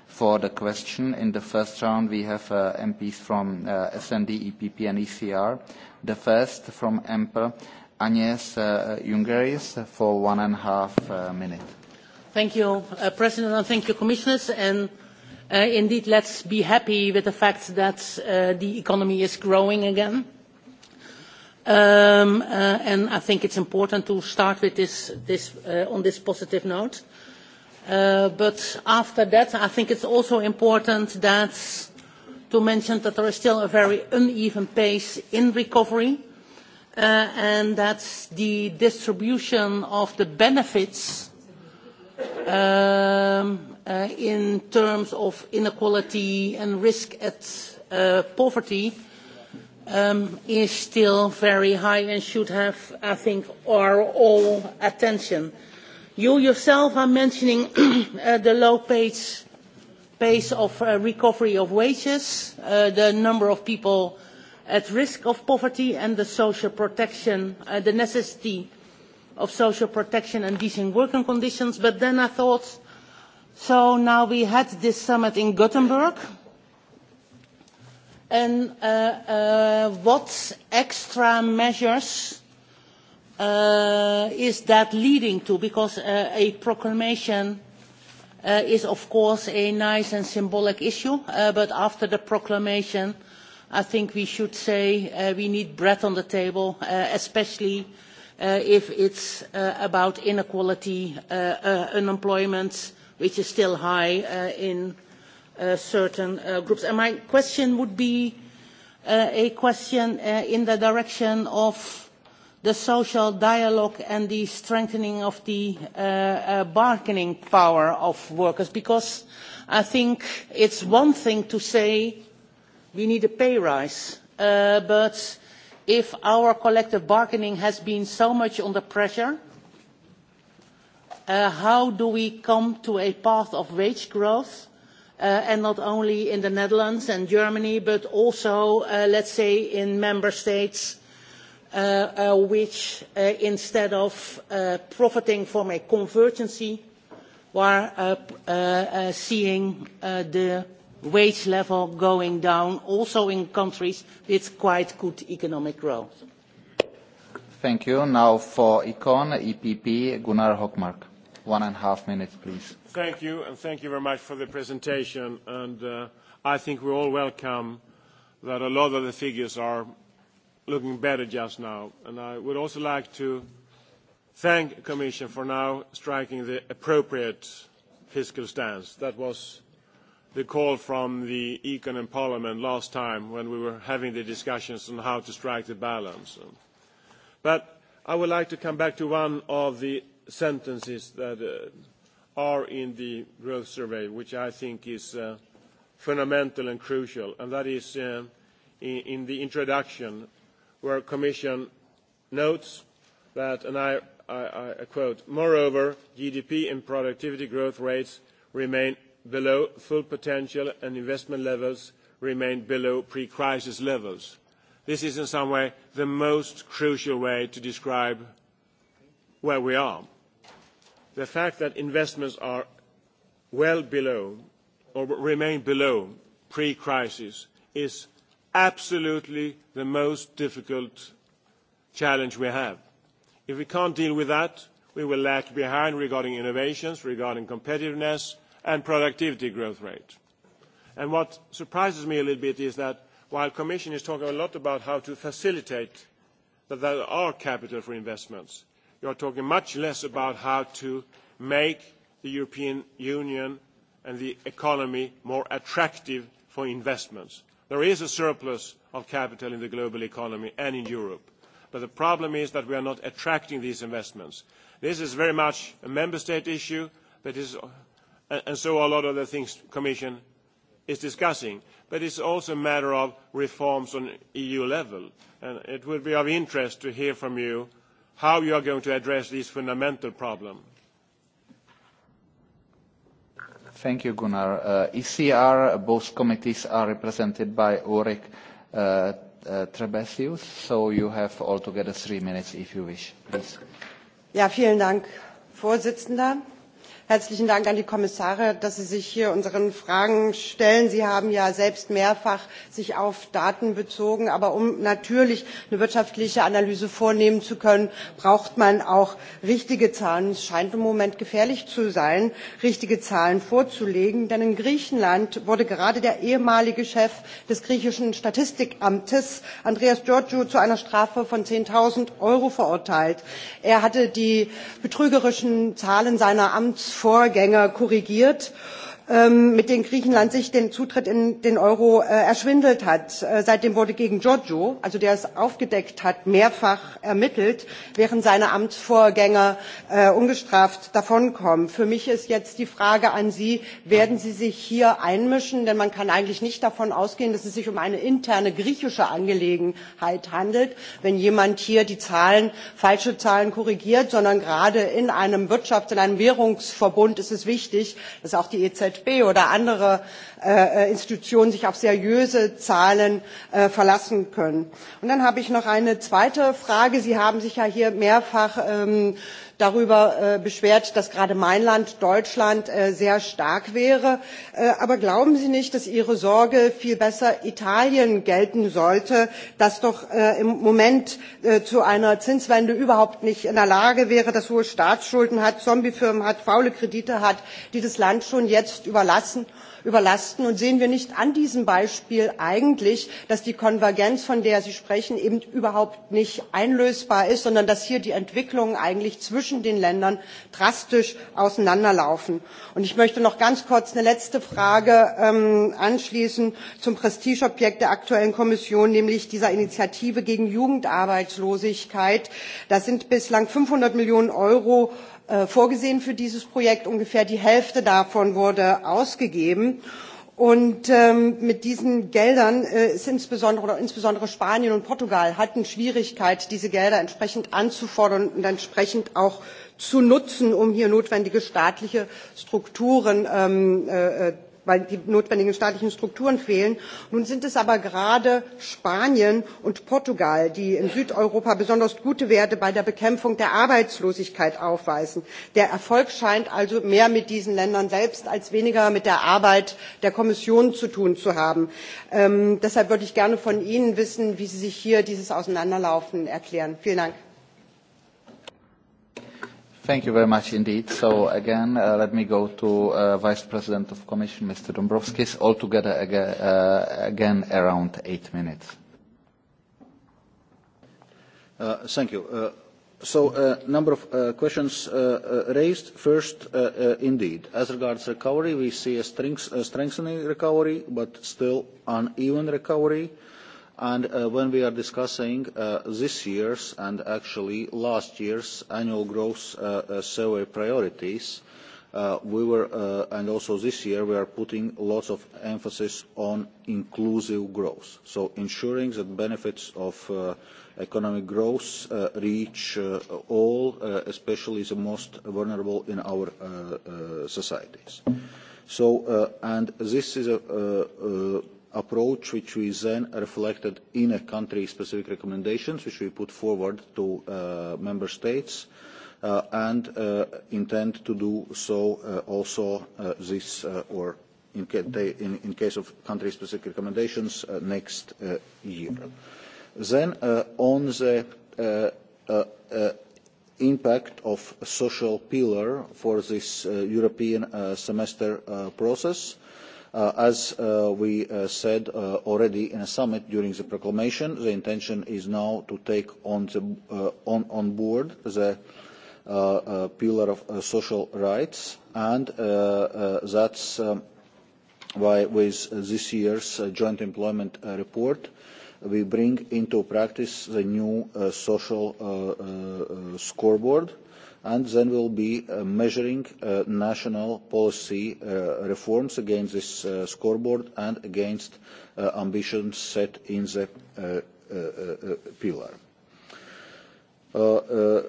for the question. In the first round we have uh, MPs from uh, SND, EPP and ECR. The first from MP, Agnes uh, Jungeris for one and a half uh, minute. Thank you, uh, President, and thank you, Commissioners. And Uh, indeed, let's be happy with the fact that uh, the economy is growing again. Um, uh, and I think it's important to start with this, this, uh, on this positive note. Uh, but after that, I think it's also important that to mention that there is still a very uneven pace in recovery uh, and that the distribution of the benefits um, uh, in terms of inequality and risk at uh, poverty um, is still very high and should have, I think, our all attention. You yourself are mentioning (clears throat) uh, the low pace, pace of uh, recovery of wages, uh, the number of people at risk of poverty and the social protection, uh, the necessity of social protection and decent working conditions. But then I thought, so now we had this summit in Gothenburg. And uh, uh, what extra measures uh, is that leading to? Because uh, a proclamation uh, is, of course, a nice and symbolic issue. Uh, but after the proclamation, I think we should say uh, we need bread on the table, uh, especially uh, uh, if it's uh, about inequality, uh, uh, unemployment, which is still high uh, in uh, certain uh, groups. And my question would be uh, a question uh, in the direction of the social dialogue and the strengthening of the uh, uh, bargaining power of workers, because I think it's one thing to say we need a pay rise, uh, but if our collective bargaining has been so much under pressure, uh, how do we come to a path of wage growth, uh, and not only in the Netherlands and Germany, but also, uh, let's say, in member states uh, uh, which, uh, instead of uh, profiting from a convergency, were uh, uh, uh, seeing uh, the wage level going down, also in countries with quite good economic growth. Thank you. Now for Econ, EPP, Gunnar Hockmark. One and a half minutes, please. Thank you, and thank you very much for the presentation. And uh, I think we all welcome that a lot of the figures are looking better just now. And I would also like to thank the Commission for now striking the appropriate fiscal stance. That was the call from the Econ and Parliament last time when we were having the discussions on how to strike the balance. But I would like to come back to one of the sentences that uh, are in the growth survey, which I think is uh, fundamental and crucial, and that is uh, in, in the introduction where Commission notes that, and I, I, I quote, moreover, GDP and productivity growth rates remain below full potential and investment levels remain below pre-crisis levels. This is in some way the most crucial way to describe where we are. The fact that investments are well below or remain below pre-crisis is absolutely the most difficult challenge we have. If we can't deal with that, we will lag behind regarding innovations, regarding competitiveness, and productivity growth rate. And what surprises me a little bit is that while Commission is talking a lot about how to facilitate that there are capital for investments, you are talking much less about how to make the European Union and the economy more attractive for investments. There is a surplus of capital in the global economy and in Europe, but the problem is that we are not attracting these investments. This is very much a member state issue that is and, so a lot of the things the Commission is discussing. But it's also a matter of reforms on EU level. And it would be of interest to hear from you how you are going to address this fundamental problem. Thank you, Gunnar. Uh, ECR, both committees are represented by Ulrich uh, uh, Trebesius, so you have altogether three minutes if you wish. Please. Ja, vielen Dank, Vorsitzender. Herzlichen Dank an die Kommissare, dass Sie sich hier unseren Fragen stellen. Sie haben ja selbst mehrfach sich auf Daten bezogen. Aber um natürlich eine wirtschaftliche Analyse vornehmen zu können, braucht man auch richtige Zahlen. Es scheint im Moment gefährlich zu sein, richtige Zahlen vorzulegen. Denn in Griechenland wurde gerade der ehemalige Chef des griechischen Statistikamtes, Andreas Georgiou, zu einer Strafe von 10.000 Euro verurteilt. Er hatte die betrügerischen Zahlen seiner Amts Vorgänger korrigiert. Ähm, mit denen Griechenland sich den Zutritt in den Euro äh, erschwindelt hat. Äh, seitdem wurde gegen Giorgio, also der es aufgedeckt hat, mehrfach ermittelt, während seine Amtsvorgänger äh, ungestraft davonkommen. Für mich ist jetzt die Frage an Sie, werden Sie sich hier einmischen? Denn man kann eigentlich nicht davon ausgehen, dass es sich um eine interne griechische Angelegenheit handelt, wenn jemand hier die Zahlen, falsche Zahlen korrigiert, sondern gerade in einem Wirtschafts-, in einem Währungsverbund ist es wichtig, dass auch die EZB EZB oder andere äh, Institutionen sich auf seriöse Zahlen äh, verlassen können. Und dann habe ich noch eine zweite Frage. Sie haben sich ja hier mehrfach ähm, darüber äh, beschwert, dass gerade mein Land Deutschland äh, sehr stark wäre. Äh, aber glauben Sie nicht, dass Ihre Sorge viel besser Italien gelten sollte, das doch im Moment zu einer Zinswende überhaupt nicht in der Lage wäre, das hohe Staatsschulden hat, Zombiefirmen hat, faule Kredite hat, die das Land schon jetzt überlassen? überlasten. Und sehen wir nicht an diesem Beispiel eigentlich, dass die Konvergenz, von der Sie sprechen, eben überhaupt nicht einlösbar ist, sondern dass hier die Entwicklungen eigentlich zwischen den Ländern drastisch auseinanderlaufen. Und ich möchte noch ganz kurz eine letzte Frage ähm, anschließen zum Prestigeobjekt der aktuellen Kommission, nämlich dieser Initiative gegen Jugendarbeitslosigkeit. Da sind bislang 500 Millionen Euro Äh, vorgesehen für dieses Projekt. Ungefähr die Hälfte davon wurde ausgegeben. Und ähm, mit diesen Geldern äh, ist insbesondere, oder insbesondere Spanien und Portugal hatten Schwierigkeit, diese Gelder entsprechend anzufordern und entsprechend auch zu nutzen, um hier notwendige staatliche Strukturen ähm, äh, äh weil die notwendigen staatlichen Strukturen fehlen. Nun sind es aber gerade Spanien und Portugal, die in Südeuropa besonders gute Werte bei der Bekämpfung der Arbeitslosigkeit aufweisen. Der Erfolg scheint also mehr mit diesen Ländern selbst als weniger mit der Arbeit der Kommission zu tun zu haben. Ähm, deshalb würde ich gerne von Ihnen wissen, wie Sie sich hier dieses Auseinanderlaufen erklären. Vielen Dank. Thank you very much indeed. So again, uh, let me go to uh, Vice President of Commission, Mr. Dombrovskis, altogether ag uh, again around eight minutes. Uh, thank you. Uh, so a uh, number of uh, questions uh, uh, raised. First, uh, uh, indeed, as regards recovery, we see a strength, uh, strengthening recovery, but still uneven recovery. Uh, And uh, when we are discussing uh, this year's and actually last year's annual growth uh, uh, survey priorities, uh, we were, uh, and also this year, we are putting lots of emphasis on inclusive growth. So ensuring that benefits of uh, economic growth uh, reach uh, all, uh, especially the most vulnerable in our uh, uh, societies. So, uh, and this is a, uh, uh, approach which we then reflected in a country-specific recommendations which we put forward to uh, member states uh, and uh, intend to do so uh, also uh, this uh, or in, ca in, in case of country-specific recommendations uh, next uh, year. Then uh, on the uh, uh, uh, impact of social pillar for this uh, European uh, semester uh, process, uh, Uh, as uh, we uh, said uh, already in a summit during the proclamation, the intention is now to take on, the, uh, on, on board the uh, pillar of social rights, and that is um, why with this year's joint employment report, we bring into practice the new social scoreboard, and then we will be uh, measuring uh, national policy uh, reforms against this uh, scoreboard and against uh, ambitions set in the uh, uh, uh, uh pillar. Uh, uh,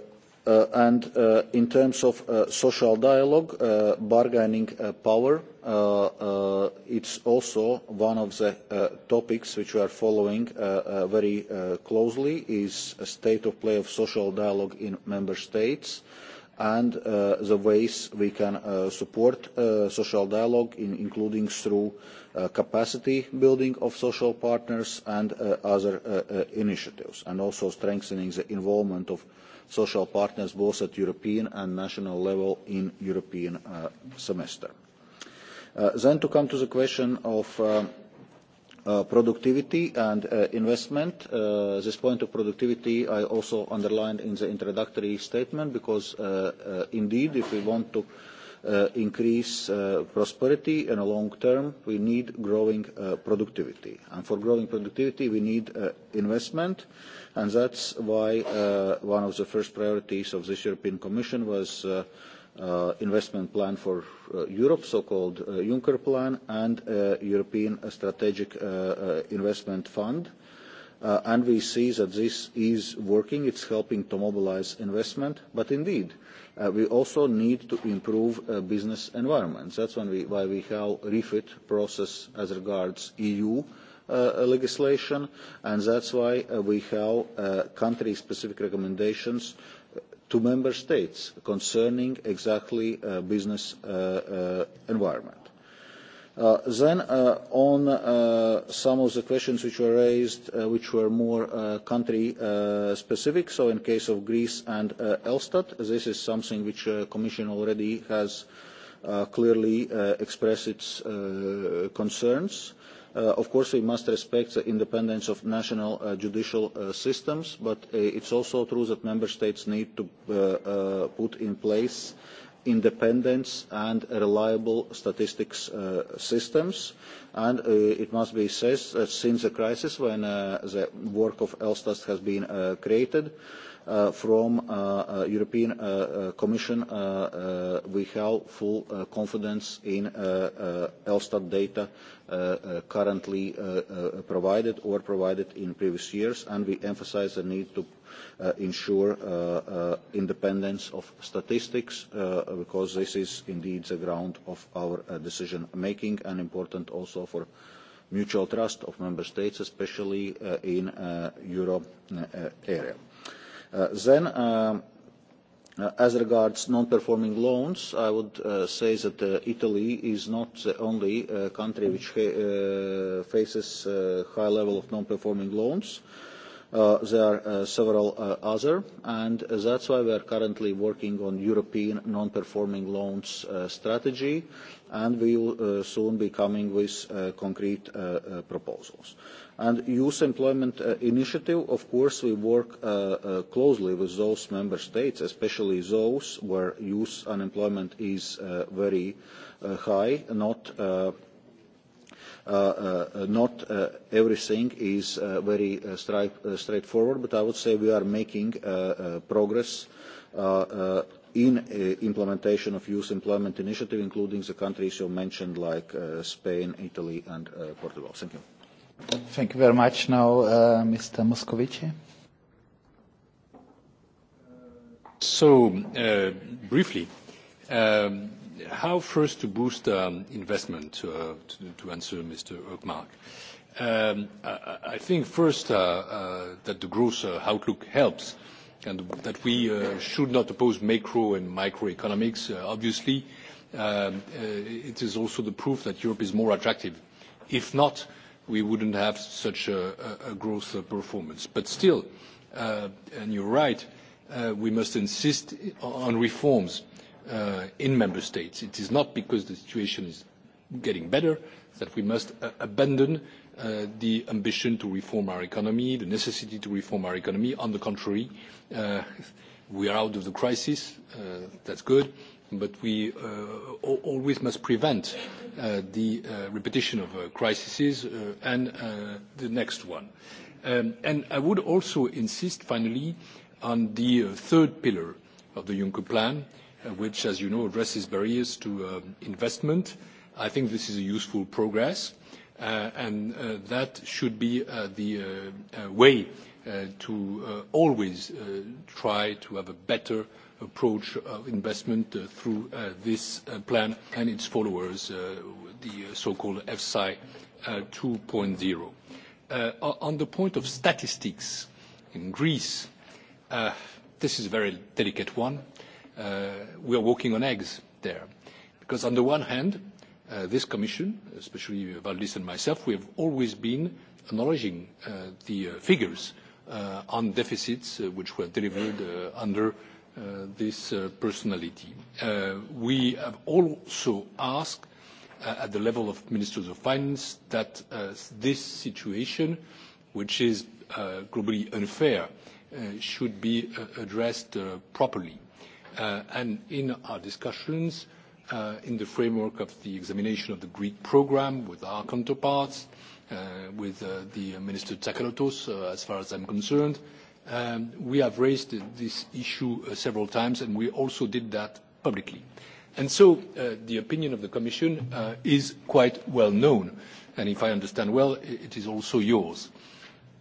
Uh, and uh, in terms of uh, social dialogue, uh, bargaining uh, power, uh, uh, it's also one of the uh, topics which we are following uh, uh, very uh, closely is a state of play of social dialogue in member states and uh, the ways we can uh, support uh, social dialogue, in, including through uh, capacity building of social partners and uh, other uh, uh, initiatives, and also strengthening the involvement of uh, social partners both at European and national level in European uh, semester. Uh, then to come to the question of uh, Uh, productivity and uh, investment. Uh, this point of productivity I also underlined in the introductory statement because uh, uh, indeed if we want to uh, increase prosperity in the long term, we need growing productivity. And for growing productivity, we need investment. Uh, And that's why uh, one of the first priorities of this European Commission was uh, uh, investment plan for uh, Europe, so-called uh, Juncker plan, and uh, European Strategic uh, uh, Investment Fund. Uh, and we see that this is working, it's helping to mobilize investment, but indeed, uh, we also need to improve uh, business environments. That's when we, why we have refit process as regards EU Uh, uh, legislation, and that's why uh, we have uh, country-specific recommendations uh, to member states concerning exactly uh, business uh, uh, environment. Uh, then uh, on uh, some of the questions which were raised, uh, which were more uh, country uh, specific, so in case of Greece and uh, Elstat, this is something which the uh, Commission already has uh, clearly uh, expressed its uh, concerns. Uh, of course, we must respect the independence of national uh, judicial uh, systems, but uh, it's also true that member states need to uh, uh, put in place independence and reliable statistics uh, systems. And uh, it must be said that since the crisis when uh, the work of ELSTAS has been uh, created, uh, uh, from uh, uh, European uh, uh, Commission, uh, uh, we have full uh, confidence in uh, uh, Elstat data uh, uh, currently uh, uh, provided or provided in previous years, and we emphasize the need to uh, ensure uh, uh, independence of statistics uh, because this is indeed the ground of our uh, decision making and important also for mutual trust of member states, especially uh, in uh, euro uh, area. Uh, then, um, Uh, as regards non-performing loans, I would uh, say that uh, Italy is not the only uh, country which uh, faces a uh, high level of non-performing loans. Uh, there are uh, several uh, other, and that's why we are currently working on European non-performing loans uh, strategy, and we will uh, soon be coming with uh, concrete uh, uh, proposals. And youth employment uh, initiative, of course, we work uh, uh, closely with those member states, especially those where youth unemployment is uh, very uh, high, not uh, Uh, uh, not uh, everything is uh, very uh, stri- uh, straightforward, but I would say we are making uh, uh, progress uh, uh, in uh, implementation of youth employment initiative, including the countries you mentioned like uh, Spain, Italy, and uh, Portugal. Thank you. Thank you very much. Now, uh, Mr. Moscovici. So, uh, briefly, um, how first to boost um, investment, uh, to, to answer Mr. Oakmark. Um, I, I think first uh, uh, that the growth uh, outlook helps and that we uh, should not oppose macro and microeconomics. Uh, obviously, uh, uh, it is also the proof that Europe is more attractive. If not, uh, we wouldn't have such a, growth performance. But still, uh, and you're right, uh, we must insist on reforms uh, in member states. It is not because the situation is getting better that we must abandon the ambition to reform our economy, the necessity to reform our economy. On the contrary, we are out of the crisis. that's good but we uh, always must prevent uh, the uh, repetition of uh, crises uh, and uh, the next one. Um, and I would also insist finally on the uh, third pillar of the Juncker plan, uh, which, as you know, addresses barriers to uh, investment. I think this is a useful progress, uh, and uh, that should be uh, the uh, uh, way uh, to uh, always uh, try to have a better uh, approach of investment uh, through uh, this uh, plan and its followers, the so-called FSI 2.0. on the point of statistics in Greece, this is a very delicate one. we are walking on eggs there. Because on the one hand, this commission, especially Valdis and myself, we have always been acknowledging the figures on deficits which were delivered under Uh, this uh, personality. Uh, we have also asked uh, at the level of ministers of finance that uh, this situation, which is uh, globally unfair, uh, should be uh, addressed uh, properly. Uh, and in our discussions, uh, in the framework of the examination of the Greek program with our counterparts, uh, with uh, the Minister Tsakalotos, uh, as far as I'm concerned, uh, Um, we have raised this issue uh, several times, and we also did that publicly. And so uh, the opinion of the Commission uh, is quite well known, and if I understand well, it is also yours.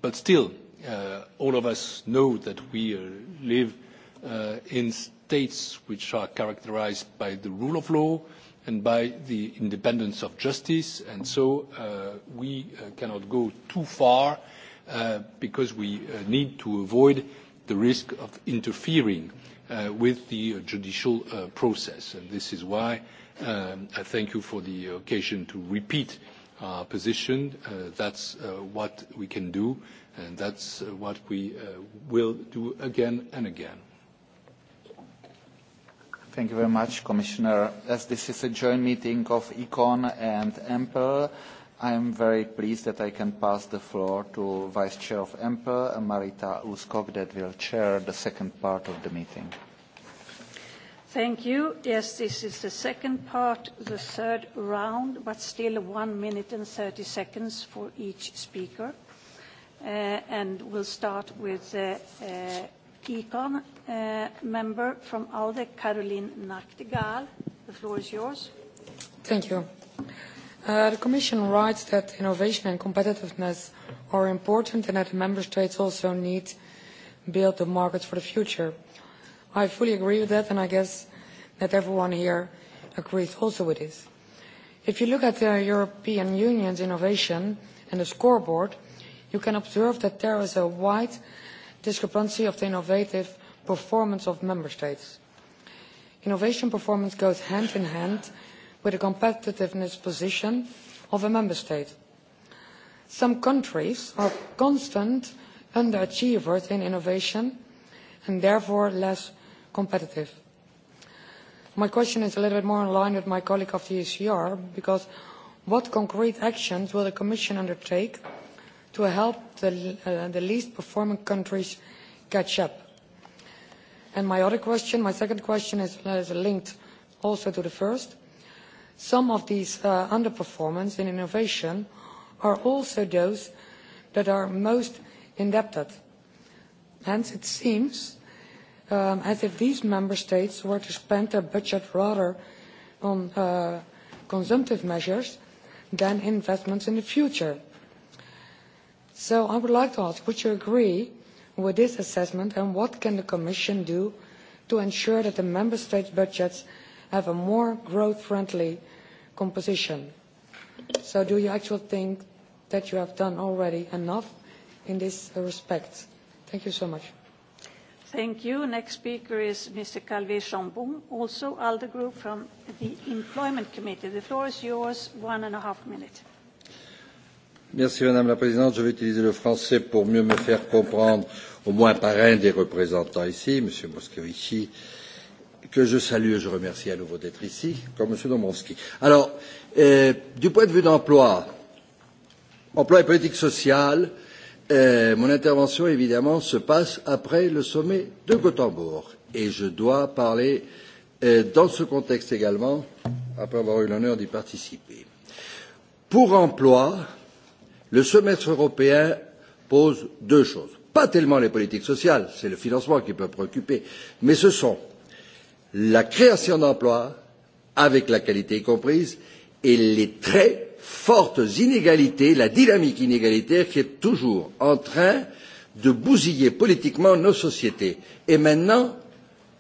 But still, uh, all of us know that we uh, live uh, in states which are characterized by the rule of law and by the independence of justice, and so uh, we uh, cannot go too far uh, Uh, because we uh, need to avoid the risk of interfering uh, with the uh, judicial uh, process. And this is why um, I thank you for the occasion to repeat our position. Uh, that's uh, what we can do, and that's uh, what we uh, will do again and again. Thank you very much, Commissioner. As this is a joint meeting of ECON and EMPEL, I am very pleased that I can pass the floor to Vice Chair of EMPA, Marita Uskok, that will chair the second part of the meeting. Thank you. Yes, this is the second part, the third round, but still one minute and 30 seconds for each speaker. Uh, and we'll start with the uh, uh, Econ uh, member from ALDE, Caroline Nachtigal. The floor is yours. Thank you. Thank you. Uh, the Commission writes that innovation and competitiveness are important and that the Member States also need to build the markets for the future. I fully agree with that and I guess that everyone here agrees also with this. If you look at the European Union's innovation and the scoreboard, you can observe that there is a wide discrepancy of the innovative performance of Member States. Innovation performance goes hand in hand with the competitiveness position of a member state. Some countries are constant underachievers in innovation and therefore less competitive. My question is a little bit more in line with my colleague of the ECR because what concrete actions will the Commission undertake to help the, uh, the least performing countries catch up? And my other question, my second question is, is linked also to the first. Some of these uh, underperformance in innovation are also those that are most indebted. Hence, it seems um, as if these member states were to spend their budget rather on uh, consumptive measures than investments in the future. So I would like to ask, would you agree with this assessment and what can the Commission do to ensure that the member states' budgets have a more growth-friendly composition. So do you actually think that you have done already enough in this respect? Thank you so much. Thank you. Next speaker is Mr. Calvé Chambon, also ALDE Group from the Employment Committee. The floor is yours, one and a half minute. Merci Madame la Présidente. Je vais utiliser le français pour mieux me faire comprendre, au moins par un des représentants ici, Monsieur Moscovici. Euh, que je salue et je remercie à nouveau d'être ici, comme M. Dombrovski. Alors, euh, du point de vue d'emploi, emploi et politique sociale, euh, mon intervention, évidemment, se passe après le sommet de Gothenburg. Et je dois parler euh, dans ce contexte également, après avoir eu l'honneur d'y participer. Pour emploi, le semestre européen pose deux choses. Pas tellement les politiques sociales, c'est le financement qui peut préoccuper, mais ce sont la création d'emplois avec la qualité comprise et les très fortes inégalités, la dynamique inégalitaire qui est toujours en train de bousiller politiquement nos sociétés. Et maintenant,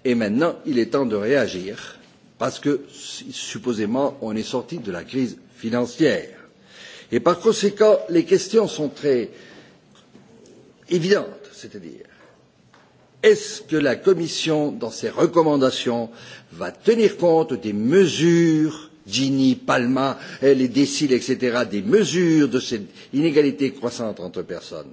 et maintenant il est temps de réagir parce que supposément on est sorti de la crise financière. Et par conséquent, les questions sont très évidentes, c'est-à-dire Est-ce que la Commission, dans ses recommandations, va tenir compte des mesures Gini, Palma, les déciles, etc., des mesures de cette inégalité croissante entre personnes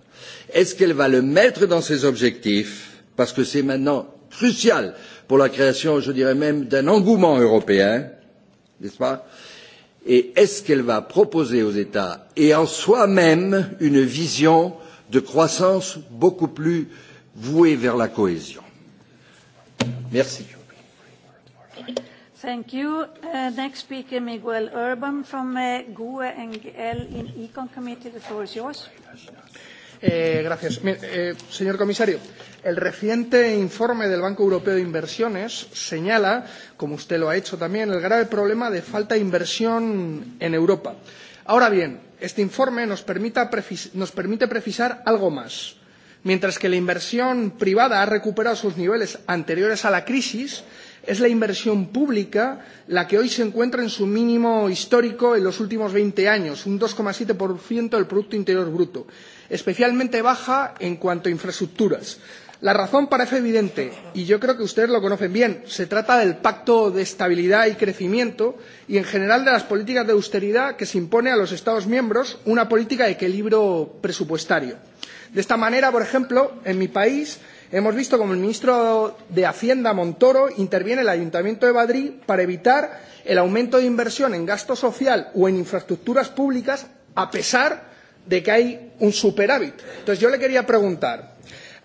Est-ce qu'elle va le mettre dans ses objectifs Parce que c'est maintenant crucial pour la création, je dirais même, d'un engouement européen, n'est-ce pas Et est-ce qu'elle va proposer aux États et en soi-même une vision de croissance beaucoup plus vouée vers la cohésion. Merci. Thank you. Uh, next speaker, Miguel Urban from uh, GUE NGL in Econ Committee. The floor is yours. Eh, gracias. Eh, señor comisario, el reciente informe del Banco Europeo de Inversiones señala, como usted lo ha hecho también, el grave problema de falta de inversión en Europa. Ahora bien, este informe nos, nos permite precisar algo más Mientras que la inversión privada ha recuperado sus niveles anteriores a la crisis, es la inversión pública la que hoy se encuentra en su mínimo histórico en los últimos 20 años, un 2,7% del Producto Interior Bruto, especialmente baja en cuanto a infraestructuras. La razón parece evidente, y yo creo que ustedes lo conocen bien. Se trata del pacto de estabilidad y crecimiento y, en general, de las políticas de austeridad que se impone a los Estados miembros una política de equilibrio presupuestario. De esta manera, por ejemplo, en mi país hemos visto como el ministro de Hacienda, Montoro, interviene el Ayuntamiento de Madrid para evitar el aumento de inversión en gasto social o en infraestructuras públicas a pesar de que hay un superávit. Entonces yo le quería preguntar,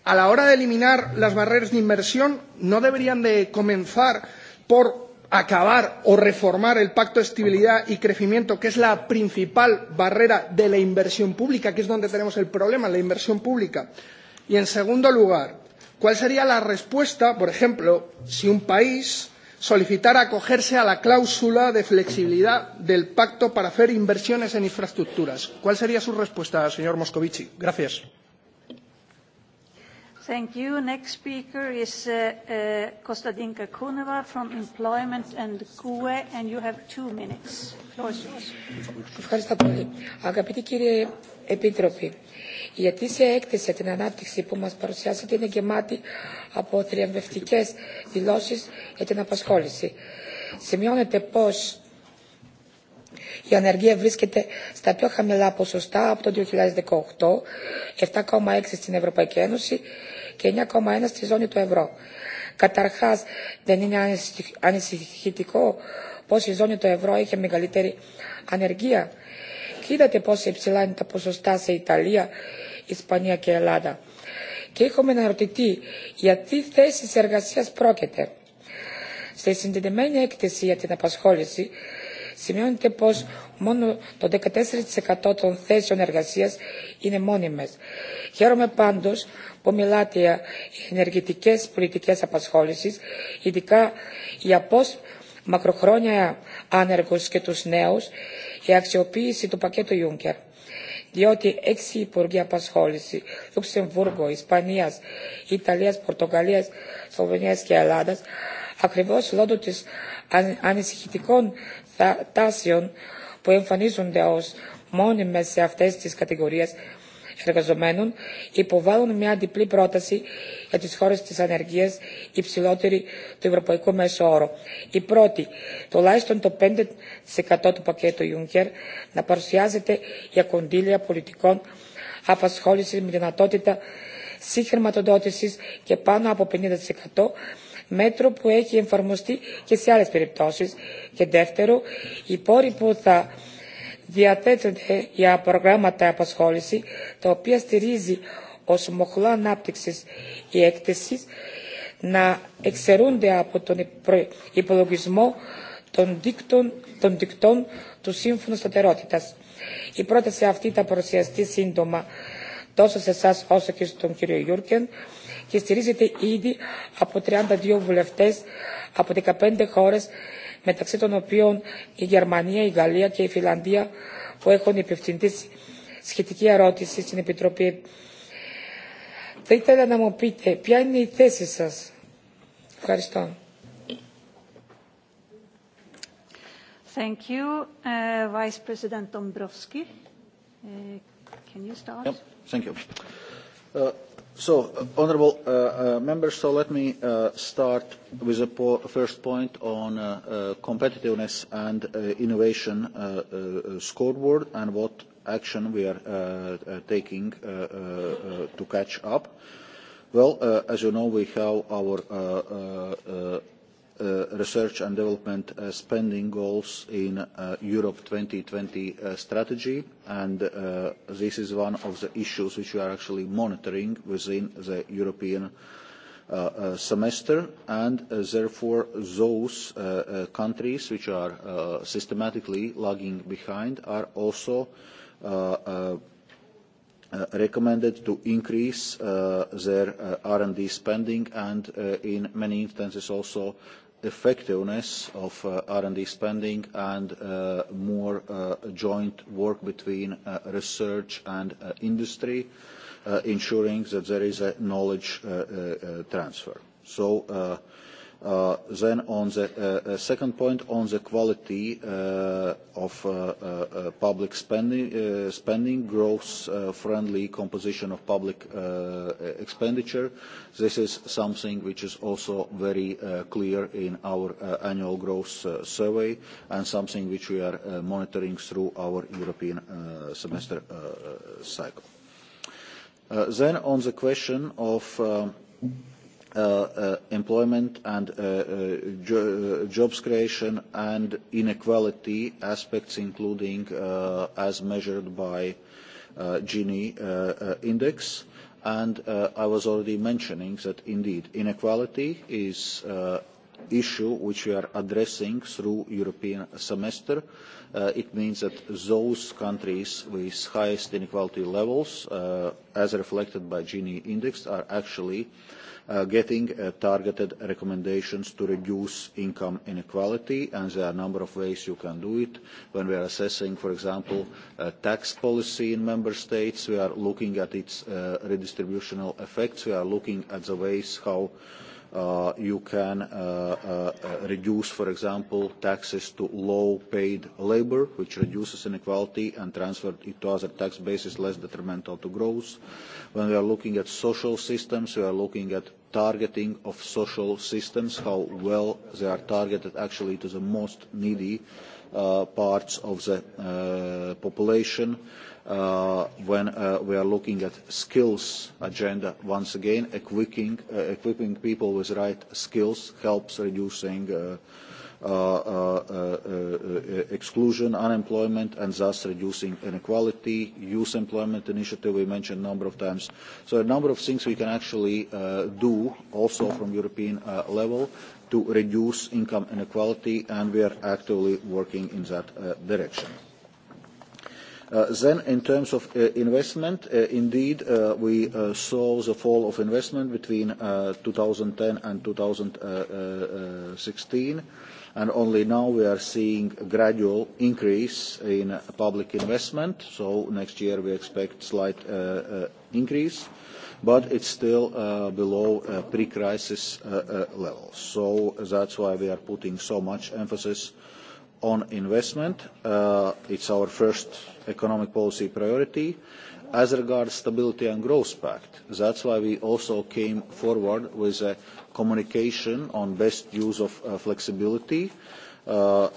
a la hora de eliminar las barreras de inversión, ¿no deberían de comenzar por acabar o reformar el pacto de estabilidad y crecimiento, que es la principal barrera de la inversión pública, que es donde tenemos el problema, la inversión pública. Y en segundo lugar, ¿cuál sería la respuesta, por ejemplo, si un país solicitara acogerse a la cláusula de flexibilidad del pacto para hacer inversiones en infraestructuras? ¿Cuál sería su respuesta, señor Moscovici? Gracias. Thank you. Next speaker is uh, uh, Kostadinka Kuneva from Employment and CUE, and you have two minutes. Ευχαριστώ πολύ. Αγαπητοί κύριε Επίτροποι, η ετήσια έκθεση για την ανάπτυξη που μας παρουσιάσατε είναι γεμάτη από θριαμβευτικές δηλώσεις για την απασχόληση. Σημειώνεται πως Η ανεργία βρίσκεται στα πιο χαμηλά ποσοστά από το 2018, 7,6 στην Ευρωπαϊκή Ένωση και 9,1 στη ζώνη του ευρώ. Καταρχάς, δεν είναι ανησυχητικό πως η ζώνη του ευρώ είχε μεγαλύτερη ανεργία. Κοίτατε πόσο υψηλά είναι τα ποσοστά σε Ιταλία, Ισπανία και Ελλάδα. Και έχουμε να ρωτηθεί γιατί θέσεις εργασίας πρόκειται. Στη συντηρημένη έκθεση για την απασχόληση Σημειώνεται πω μόνο το 14% των θέσεων εργασία είναι μόνιμε. Χαίρομαι πάντω που μιλάτε για ενεργητικέ πολιτικέ απασχόλησει, ειδικά για πώ μακροχρόνια άνεργο και του νέου η αξιοποίηση του πακέτου Juncker διότι έξι υπουργοί απασχόληση Λουξεμβούργο, Ισπανία, Ιταλία, Πορτογαλία, Σλοβενία και Ελλάδα, ακριβώ λόγω τη ανησυχητικών που εμφανίζονται ω ως μόνιμες σε αυτέ τι κατηγορίες εργαζομένων υποβάλλουν μια διπλή πρόταση για τι χώρε τη ανεργία υψηλότερη του ευρωπαϊκού μέσου όρου. Η πρώτη, τουλάχιστον το 5% του πακέτου Juncker να παρουσιάζεται για κονδύλια πολιτικών απασχόληση με δυνατότητα συγχρηματοδότησης και πάνω από 50% μέτρο που έχει εφαρμοστεί και σε άλλε περιπτώσει. Και δεύτερο, οι πόροι που θα διαθέτονται για προγράμματα απασχόληση, τα οποία στηρίζει ω μοχλό ανάπτυξη η έκθεση, να εξαιρούνται από τον υπολογισμό των δίκτων, των δικτών του Σύμφωνου σταθερότητα. Η πρόταση αυτή θα παρουσιαστεί σύντομα τόσο σε εσά όσο και στον κύριο Γιούρκεν, και στηρίζεται ήδη από 32 βουλευτέ από 15 χώρε, μεταξύ των οποίων η Γερμανία, η Γαλλία και η Φιλανδία που έχουν υπευθυνθεί σχετική ερώτηση στην Επιτροπή. Θα ήθελα να μου πείτε ποια είναι η θέση σα. Ευχαριστώ. Thank you. Uh, Vice President Dombrovski, uh, can you start? Yep, thank you. Uh, So, honourable uh, uh, members, so let me uh, start with the po first point on uh, uh, competitiveness and uh, innovation uh, uh, uh scoreboard and what action we are uh, uh, taking uh, uh, uh, to catch up. Well, uh, as you know, we have our uh, uh, uh uh, research and development uh, spending goals in uh, Europe 2020 uh, strategy and uh, this is one of the issues which we are actually monitoring within the European uh, uh, semester and uh, therefore those uh, uh, countries which are uh, systematically lagging behind are also uh, uh, Uh, recommended to increase uh, their uh, R&D spending and uh, in many instances also effectiveness of uh, R&D spending and uh, more uh, joint work between uh, research and uh, industry, uh, ensuring that there is a knowledge uh, uh, uh transfer. So uh, Uh, then on the uh, uh, second point, on the quality uh, of uh, uh, uh public spending, uh, spending growth-friendly uh, composition of public uh, expenditure, this is something which is also very uh, clear in our uh, annual growth uh, survey and something which we are uh, monitoring through our European uh, semester uh, cycle. Uh, then on the question of uh, Uh, uh, employment and uh, uh, jo uh, jobs creation and inequality aspects, including uh, as measured by uh, Gini uh, uh, index. And uh, I was already mentioning that indeed inequality is uh, issue which we are addressing through European semester. Uh, it means that those countries with highest inequality levels, uh, as reflected by Gini index, are actually uh, uh, getting uh, targeted recommendations to reduce income inequality, and there are a number of ways you can do it. When we are assessing, for example, uh, tax policy in member states, we are looking at its uh, redistributional effects, we are looking at the ways how uh, Uh, you can uh, uh, reduce, for example, taxes to low-paid labor, which reduces inequality and transfer it to other tax bases less detrimental to growth. When we are looking at social systems, we are looking at targeting of social systems, how well they are targeted actually to the most needy uh, parts of the uh, population uh, when uh, we are looking at skills agenda once again equipping, uh, equipping people with the right skills helps reducing uh, uh, uh, uh, exclusion, unemployment, and thus reducing inequality, youth employment initiative we mentioned a number of times. So a number of things we can actually uh, do also from European uh, level to reduce income inequality, and we are actively working in that uh, direction. Uh, then in terms of uh, investment, uh, indeed, uh, we uh, saw the fall of investment between uh, 2010 and 2016, and only now we are seeing a gradual increase in uh, public investment. So next year we expect slight uh, uh, increase but it's still uh, below uh, pre-crisis uh, uh levels. So that's why we are putting so much emphasis on investment, uh, it's our first economic policy priority. As regards stability and growth pact, that's why we also came forward with a communication on best use of uh, flexibility uh, uh,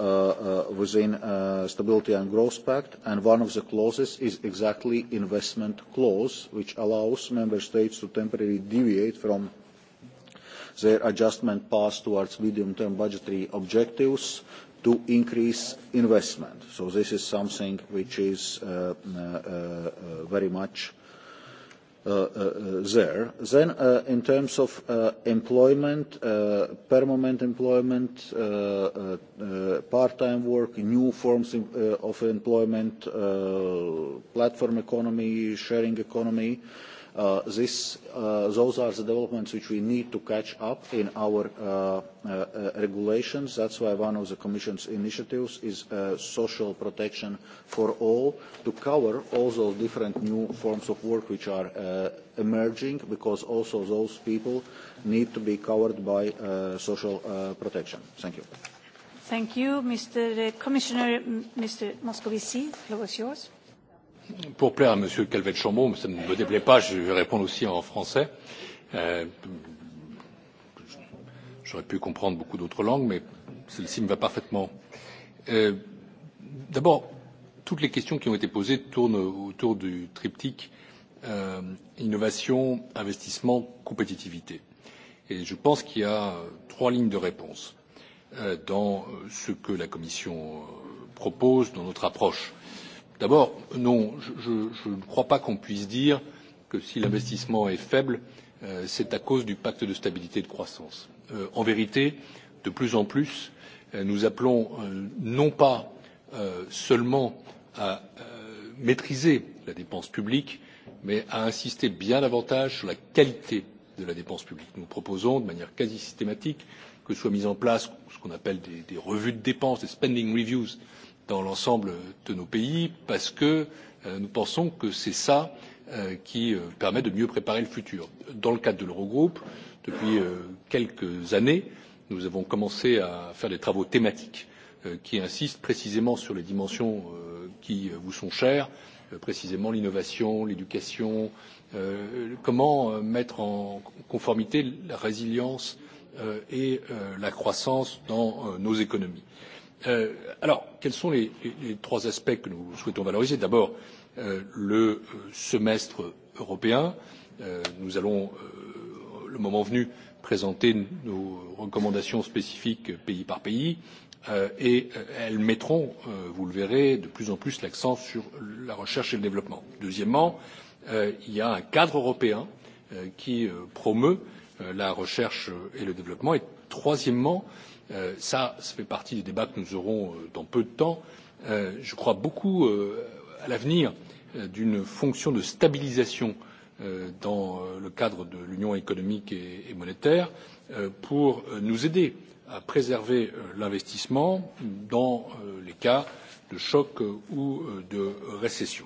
uh within uh, stability and growth pact, and one of the clauses is exactly investment clause, which allows member states to temporarily deviate from their adjustment path towards medium-term budgetary objectives to increase investment. So this is something which is uh, uh, uh, very much uh, uh, uh, there. Then uh, in terms of uh, employment, uh, permanent employment, uh, uh, part-time work, new forms in, uh, of employment, uh, platform economy, sharing economy, Uh, this, uh, those are the developments which we need to catch up in our uh, uh, uh, regulations. That's why one of the Commission's initiatives is uh, social protection for all to cover all those different new forms of work which are uh, emerging because also those people need to be covered by uh, social uh, protection. Thank you. Thank you, Mr. Uh, Commissioner, Mr. Moscovici. The floor is yours pour plaire à Monsieur Calvet-Chambon, ça ne me déplaît pas, je vais répondre aussi en français. Euh, J'aurais pu comprendre beaucoup d'autres langues, mais celle-ci me va parfaitement. Euh, D'abord, toutes les questions qui ont été posées tournent autour du triptyque euh, innovation, investissement, compétitivité. Et je pense qu'il y a trois lignes de réponse euh, dans ce que la Commission euh, propose, dans notre approche. Euh, D'abord, non, je, je, ne crois pas qu'on puisse dire que si l'investissement est faible, euh, c'est à cause du pacte de stabilité et de croissance. Euh, en vérité, de plus en plus, euh, nous appelons euh, non pas euh, seulement à euh, maîtriser la dépense publique, mais à insister bien davantage sur la qualité de la dépense publique. Nous proposons de manière quasi systématique que soient mises en place ce qu'on appelle des, des revues de dépenses, des spending reviews, euh, dans l'ensemble de nos pays parce que euh, nous pensons que c'est cela euh, qui euh, permet de mieux préparer le futur. dans le cadre de l'eurogroupe depuis quelques années nous avons commencé à faire des travaux thématiques qui insistent précisément sur les dimensions qui vous sont chères précisément l'innovation l'éducation comment mettre en conformité la résilience et la croissance dans nos économies. Euh, alors, quels sont les, les, trois aspects que nous souhaitons valoriser D'abord, euh, le euh, semestre européen. Euh, nous allons, euh, le moment venu, présenter nos recommandations spécifiques pays par pays euh, et elles mettront, vous le verrez, de plus en plus l'accent sur la recherche et le développement. Deuxièmement, il y a un cadre européen qui promeut la recherche et le développement et troisièmement cela euh, fait partie des débats que nous aurons euh, dans peu de temps euh, je crois beaucoup à l'avenir d'une fonction de stabilisation dans le cadre de l'union économique et monétaire pour nous aider à préserver l'investissement dans les cas de choc ou de récession.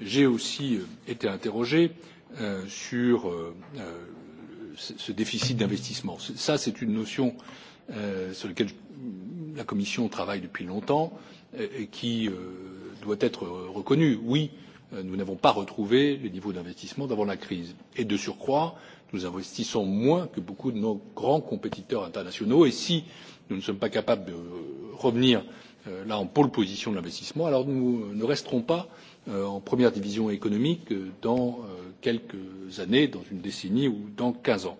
j'ai aussi été interrogé sur ce déficit d'investissement. Ça, c'est une notion euh, sur laquelle la Commission travaille depuis longtemps euh, et qui euh, doit être reconnue. Oui, nous n'avons pas retrouvé les niveaux d'investissement d'avant la crise et de surcroît nous investissons moins que beaucoup de nos grands compétiteurs internationaux et si nous ne sommes pas capables de revenir là en pôle position de l'investissement alors nous ne resterons pas Euh, en première division économique euh, dans euh, quelques années, dans une décennie ou dans quinze ans.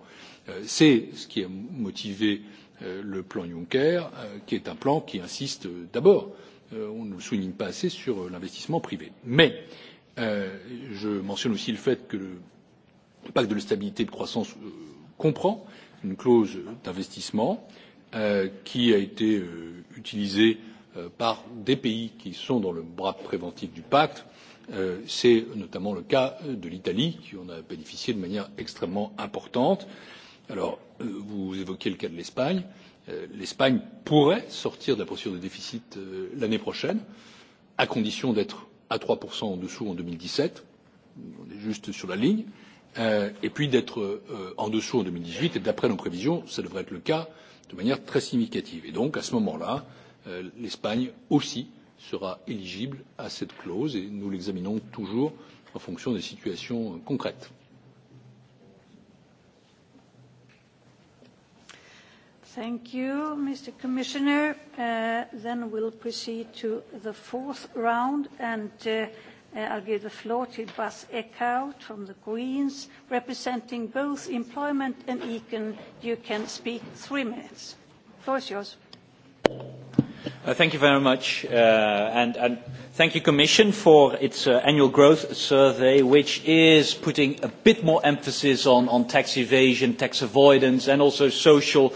C'est ce qui a motivé le plan Juncker, qui est un plan qui insiste d'abord, on ne le souligne pas assez, sur l'investissement privé. Mais je mentionne aussi le fait que le pacte de stabilité et de croissance comprend une clause d'investissement qui a été utilisée par des pays qui sont dans le bras préventif du pacte Euh, c'est notamment le cas euh, de l'italie qui en a bénéficié de manière extrêmement importante. alors euh, vous évoquez le cas de l'espagne l'espagne pourrait sortir de la procédure de déficit l'année prochaine à condition d'être à trois en dessous en deux mille dix sept on est juste sur la ligne et puis d'être en dessous en deux mille dix huit et d'après nos prévisions cela devrait être le cas de manière très significative. et donc à ce moment là l'espagne aussi sera éligible à cette clause et nous l'examinons toujours en fonction des situations concrètes. Thank you, Mr. Commissioner. Uh, then we'll proceed to the fourth round, and uh, uh, I'll give the floor to Bas Eckhout from the Greens, representing both employment and econ. You can speak three minutes. The floor is yours. Uh, thank you very much, uh, and, and thank you, Commission, for its uh, annual growth survey, which is putting a bit more emphasis on, on tax evasion, tax avoidance, and also social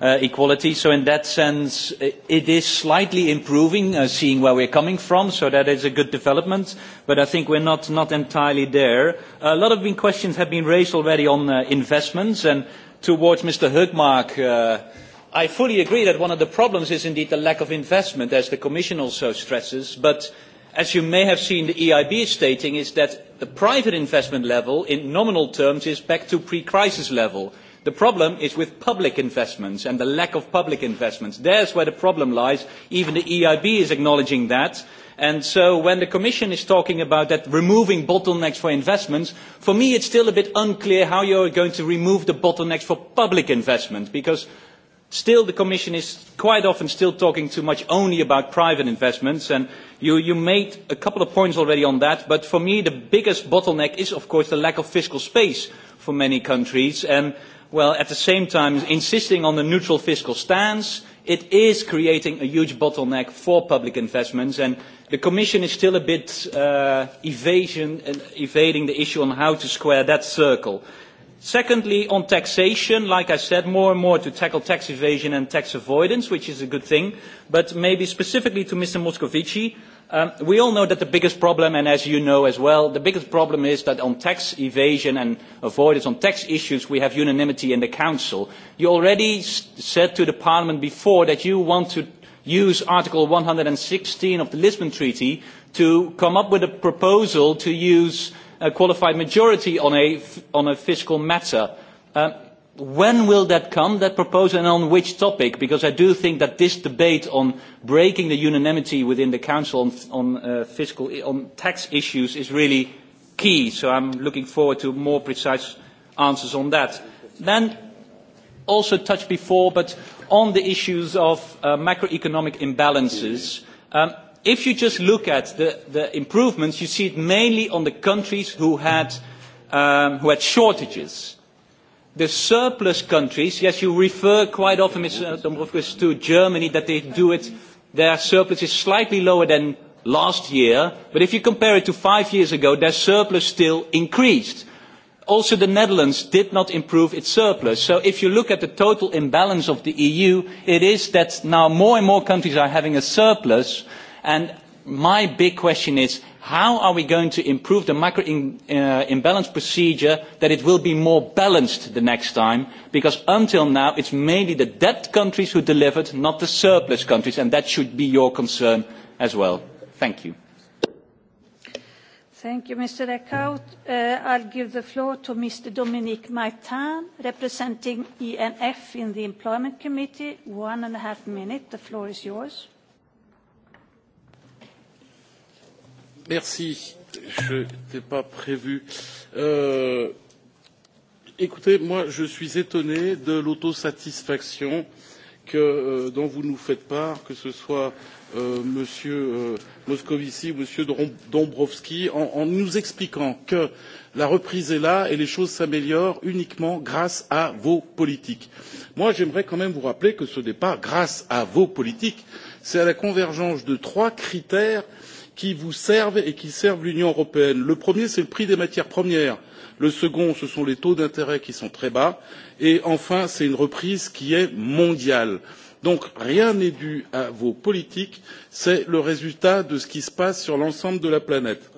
uh, equality. So in that sense, it is slightly improving, uh, seeing where we're coming from, so that is a good development, but I think we're not, not entirely there. A lot of questions have been raised already on uh, investments, and towards Mr. Hugmark, uh, I fully agree that one of the problems is indeed the lack of investment, as the Commission also stresses, but as you may have seen the EIB is stating, is that the private investment level in nominal terms is back to pre-crisis level. The problem is with public investments and the lack of public investments. There's where the problem lies. Even the EIB is acknowledging that. And so when the Commission is talking about that removing bottlenecks for investments, for me it's still a bit unclear how you're going to remove the bottlenecks for public investment because Still, the Commission is quite often still talking too much only about private investments, and you, you made a couple of points already on that, but for me the biggest bottleneck is, of course, the lack of fiscal space for many countries, and, well, at the same time, insisting on a neutral fiscal stance, it is creating a huge bottleneck for public investments, and the Commission is still a bit uh, evasion, uh, evading the issue on how to square that circle. Secondly, on taxation, like I said, more and more to tackle tax evasion and tax avoidance, which is a good thing, but maybe specifically to Mr. Moscovici, um, we all know that the biggest problem, and as you know as well, the biggest problem is that on tax evasion and avoidance, on tax issues, we have unanimity in the Council. You already said to the Parliament before that you want to use Article 116 of the Lisbon Treaty to come up with a proposal to use a qualified majority on a, on a fiscal matter. Um, when will that come, that proposal, and on which topic? Because I do think that this debate on breaking the unanimity within the Council on, on, uh, fiscal, on tax issues is really key. So I'm looking forward to more precise answers on that. Then, also touched before, but on the issues of uh, macroeconomic imbalances, um, if you just look at the, the improvements, you see it mainly on the countries who had, um, who had shortages. The surplus countries, yes, you refer quite often, Mr. Dombrovskis, to Germany, that they do it, their surplus is slightly lower than last year, but if you compare it to five years ago, their surplus still increased. Also, the Netherlands did not improve its surplus. So if you look at the total imbalance of the EU, it is that now more and more countries are having a surplus, And my big question is, how are we going to improve the macro in, uh, imbalance procedure that it will be more balanced the next time? Because until now, it's mainly the debt countries who delivered, not the surplus countries, and that should be your concern as well. Thank you. Thank you, Mr. Eckhout. Uh, I'll give the floor to Mr. Dominique Maitan, representing ENF in the Employment Committee. One and a half minute. The floor is yours. Merci. Je n'étais pas prévu. Euh, écoutez, moi, je suis étonné de l'autosatisfaction que, euh, dont vous nous faites part, que ce soit euh, M. Euh, Moscovici ou M. Dombrovski, en, en nous expliquant que la reprise est là et les choses s'améliorent uniquement grâce à vos politiques. Moi, j'aimerais quand même vous rappeler que ce n'est pas grâce à vos politiques, c'est à la convergence de trois critères qui vous servent et qui servent l'Union européenne. Le premier, c'est le prix des matières premières. Le second, ce sont les taux d'intérêt qui sont très bas. Et enfin, c'est une reprise qui est mondiale. Donc rien n'est dû à vos politiques, c'est le résultat de ce qui se passe sur l'ensemble de la planète.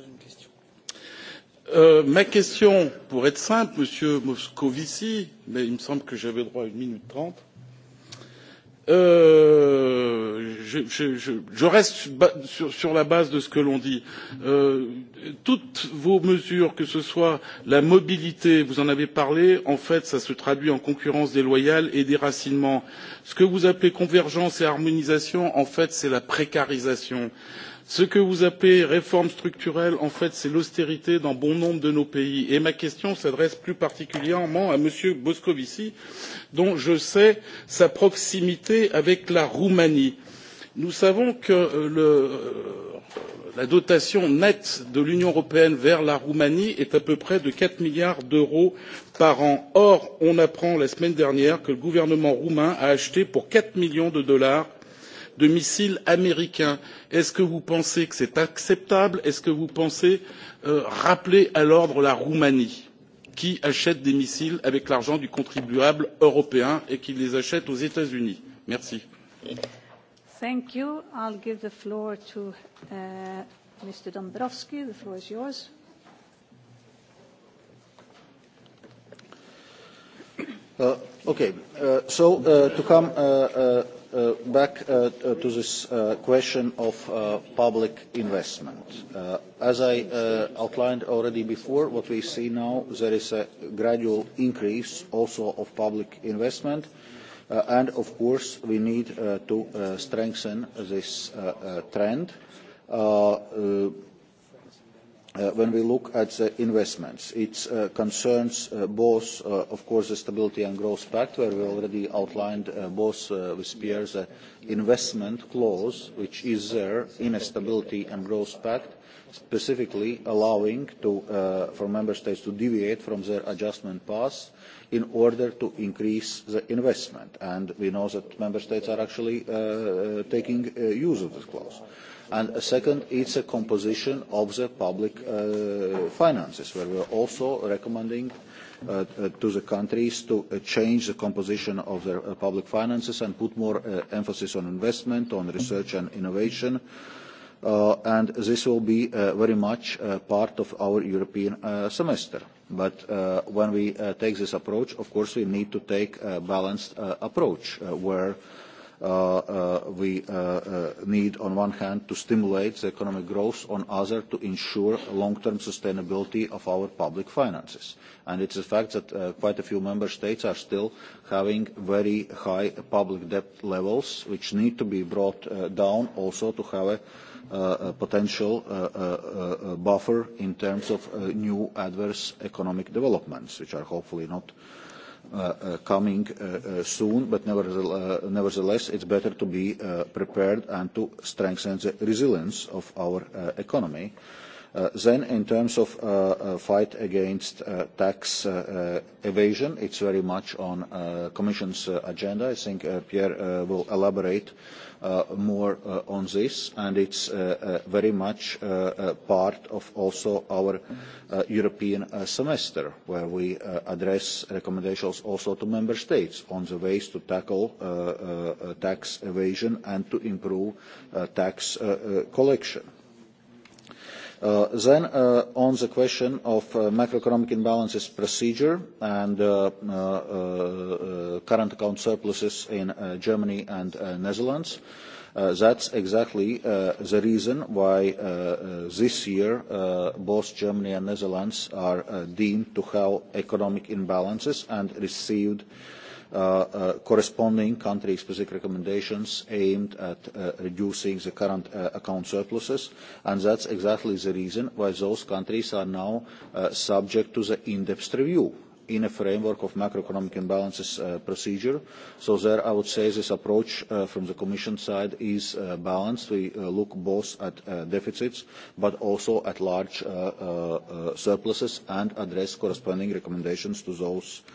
Euh, ma question, pour être simple, Monsieur Moscovici, mais il me semble que j'avais droit à une minute trente, Euh, je, je, je, je reste sur, sur la base de ce que l'on dit. Euh, toutes vos mesures, que ce soit la mobilité, vous en avez parlé, en fait, ça se traduit en concurrence déloyale et déracinement. Ce que vous appelez convergence et harmonisation, en fait, c'est la précarisation. Ce que vous appelez réforme structurelle, en fait, c'est l'austérité dans bon nombre de nos pays. Et ma question s'adresse plus particulièrement à M. Moscovici, dont je sais sa proximité avec la Roumanie. Nous savons que euh, le, euh, la dotation nette de l'Union européenne vers la Roumanie est à peu près de quatre milliards d'euros par an. Or, on apprend la semaine dernière que le gouvernement roumain a acheté pour quatre millions de dollars de missiles américains. Est-ce que vous pensez que c'est acceptable Est-ce que vous pensez euh, rappeler à l'ordre la Roumanie qui achète des missiles avec l'argent du contribuable européen et qui les achète aux États-Unis Merci. Thank you. I'll give the floor to uh, Mr. Dombrovsky. The floor is yours. Uh, okay, uh, so uh, to come uh, uh, uh, back uh, uh, to this uh, question of uh, public investment. Uh, as I uh, outlined already before, what we see now, there is a gradual increase also of public investment. Uh, and of course, we need uh, to uh, strengthen this uh, uh, trend. Uh, uh, Uh, when we look at the investments. It uh, concerns uh, both, uh, of course, the Stability and Growth Pact, where we already outlined uh, both uh, with Pierre the investment clause, which is there in a Stability and Growth Pact, specifically allowing to, for member states to deviate from their adjustment path in order to increase the investment. And we know that member states are actually taking use of this clause. And uh, second, it's a composition of the public uh, finances, where we're also recommending uh, uh, to the countries to uh, change the composition of their uh, public finances and put more uh, emphasis on investment, on research and innovation. Uh, and this will be uh, very much uh, part of our European uh, semester. But uh, when we uh, take this approach, of course, we need to take a balanced uh, approach uh, where Uh, uh, we uh, uh, need on one hand to stimulate the economic growth, on other to ensure long-term sustainability of our public finances. And it's a fact that uh, quite a few member states are still having very high public debt levels, which need to be brought uh, down also to have a Uh, potential uh, uh, uh, buffer in terms of uh, new adverse economic developments, which are hopefully not Uh, uh, coming uh, soon, but nevertheless, nevertheless it's better to be prepared and to strengthen the resilience of our economy. Uh, Uh, then in terms of uh, uh fight against uh, tax evasion, uh, uh, evasion, it's very much on uh, Commission's uh, agenda. I think uh, Pierre uh, will elaborate uh, more uh, on this, and it's uh, uh, very much uh, uh, part of also our uh, European uh, semester, where we uh, address recommendations also to member states on the ways to tackle uh, uh, tax evasion and to improve uh, tax uh, uh, collection. Uh, then uh, on the question of uh, macroeconomic imbalances procedure and uh, uh, uh, current account surpluses in uh, Germany and uh, Netherlands, uh, that's exactly uh, the reason why uh, uh, this year uh, both Germany and Netherlands are uh, deemed to have economic imbalances and received uh, Uh, uh, corresponding country-specific recommendations aimed at uh, reducing the current account surpluses, and that is exactly the reason why those countries are now subject to the in-depth review in a framework of macroeconomic imbalances uh, procedure. So there, I would say this approach uh, from the Commission side is uh, balanced. We uh, look both at uh, deficits, but also at large uh, uh, surpluses and address corresponding recommendations to those uh,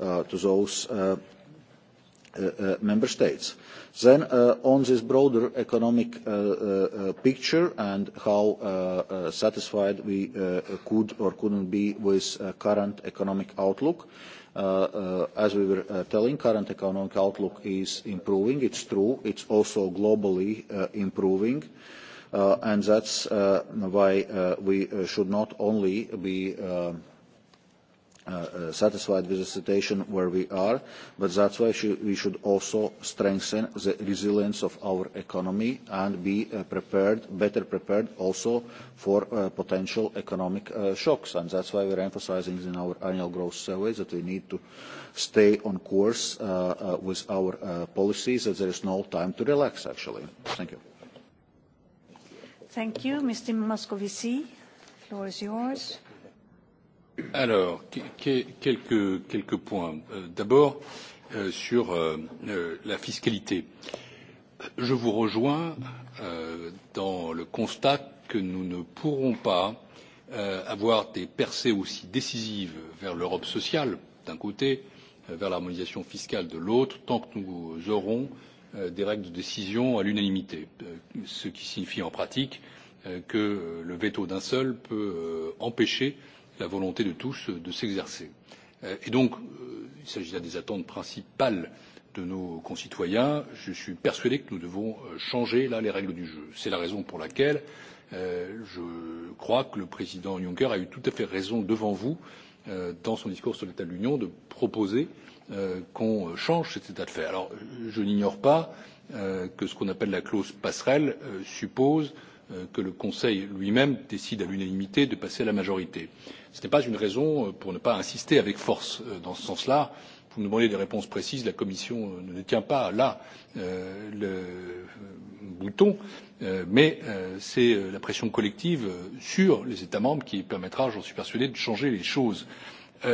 Uh, to those uh, uh, member states. Then on this broader economic picture and how satisfied we could or couldn't be with current economic outlook, Uh, uh, as we were uh, telling, current economic outlook is improving. It's true. It's also globally improving. and that's why we should not only be Uh, uh, satisfied with the situation where we are, but that's why sh we should also strengthen the resilience of our economy and be uh, prepared, better prepared also for uh, potential economic uh, shocks. And that's why we're emphasizing in our annual growth survey that we need to stay on course uh, uh, with our uh, policies, that there is no time to relax, actually. Thank you. Thank you, Mr. Moscovici. The floor is yours. Alors, quelques, quelques points. Euh, d'abord, euh, sur euh, la fiscalité. Je vous rejoins dans le constat que nous ne pourrons pas avoir des percées aussi décisives vers l'Europe sociale, d'un côté, vers l'harmonisation fiscale de l'autre, tant que nous aurons des règles de décision à l'unanimité, ce qui signifie en pratique que le veto d'un seul peut empêcher euh, la volonté de tous euh, de s'exercer. Euh, et donc, euh, il s'agit là des attentes principales de nos concitoyens. Je suis persuadé que nous devons changer là les règles du jeu. C'est la raison pour laquelle je crois que le président Juncker a eu tout à fait raison devant vous dans son discours sur l'état de l'Union de proposer qu'on change cet état de fait. Alors, je n'ignore pas que ce qu'on appelle la clause passerelle suppose Euh, que le Conseil lui-même décide à l'unanimité de passer à la majorité. Ce n'est pas une raison euh, pour ne pas insister avec force euh, dans ce sens-là. Vous me demandez des réponses précises, la Commission ne détient pas là euh, le bouton, euh, mais euh, c'est la pression collective sur les États membres qui permettra, j'en suis persuadé, de changer les choses.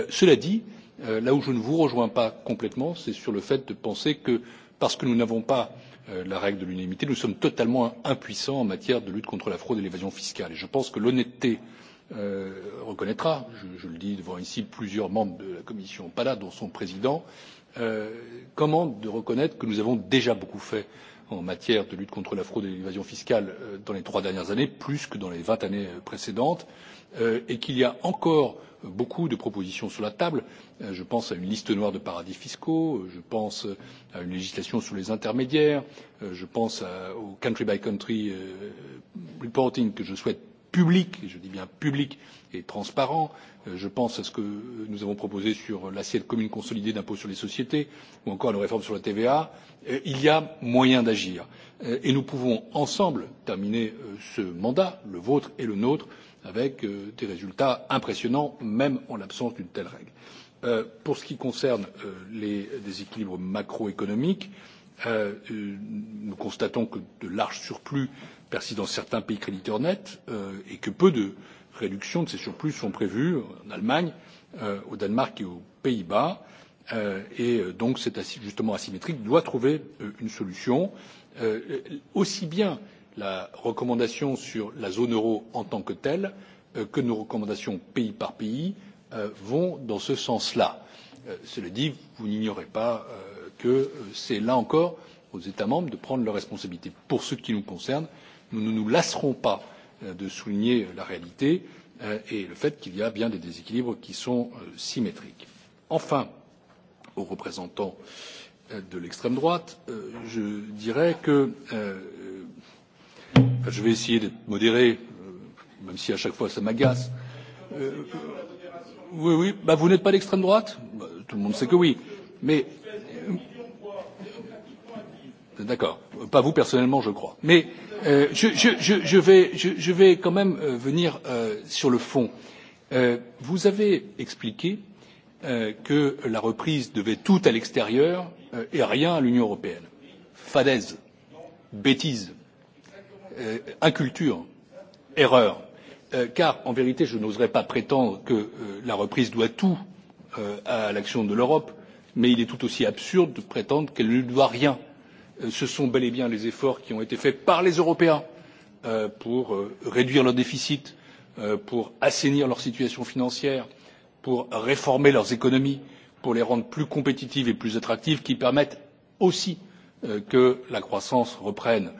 Cela dit, là où je ne vous rejoins pas complètement, c'est sur le fait de penser que parce que nous n'avons pas Euh, la règle de l'unanimité nous sommes totalement impuissants en matière de lutte contre la fraude et l'évasion fiscale et je pense que l'honnêteté euh, reconnaîtra je, je le dis devant ici plusieurs membres de la commission pana dont son président euh, commande de reconnaître que nous avons déjà beaucoup fait en matière de lutte contre la fraude et l'évasion fiscale euh, dans les trois dernières années plus que dans les vingt années euh, précédentes euh, et qu'il y a encore beaucoup de propositions sur la table je pense à une liste noire de paradis fiscaux je pense à une législation sur les intermédiaires je pense au country by country reporting que je souhaite public, et je dis bien public et transparent. Euh, je pense à ce que nous avons proposé sur l'assiette commune consolidée d'impôt sur les sociétés ou encore à nos réformes sur la TVA. Euh, il y a moyen d'agir euh, et nous pouvons ensemble terminer ce mandat, le vôtre et le nôtre, avec des résultats impressionnants, même en l'absence d'une telle règle. Pour ce qui concerne les déséquilibres macroéconomiques, nous constatons que de larges surplus persiste dans certains pays créditeurs nets euh, et que peu de réductions de ces surplus sont prévues en Allemagne, euh, au Danemark et aux Pays-Bas. Euh, et donc cet ajustement asymétrique doit trouver une solution. Aussi bien la recommandation sur la zone euro en tant que telle que nos recommandations pays par pays vont dans ce sens-là. Cela dit, vous n'ignorez pas que c'est là encore aux États membres de prendre leurs responsabilités. Pour ce qui nous concerne, nous ne nous lasserons pas euh, de souligner euh, la réalité euh, et le fait qu'il y a bien des déséquilibres qui sont symétriques. enfin aux représentants de l'extrême droite je dirais que je vais essayer d'être modéré même si à chaque fois ça m'agace oui oui bah vous n'êtes pas d'extrême droite bah, tout le monde sait que oui mais D'accord. Pas vous personnellement, je crois. Mais euh, je, je, je, je, vais, je, je vais quand même euh, venir euh, sur le fond. Euh, vous avez expliqué euh, que la reprise devait tout à l'extérieur euh, et rien à l'Union européenne. falaise, bêtise, euh, inculture, erreur. Euh, car, en vérité, je n'oserais pas prétendre que euh, la reprise doit tout euh, à l'action de l'Europe, mais il est tout aussi absurde de prétendre qu'elle ne doit rien Euh, ce sont bel et bien les efforts qui ont été faits par les Européens euh, pour euh, réduire leur déficit, pour assainir leur situation financière, pour réformer leurs économies, pour les rendre plus compétitives et plus attractives, qui permettent aussi que la croissance reprenne.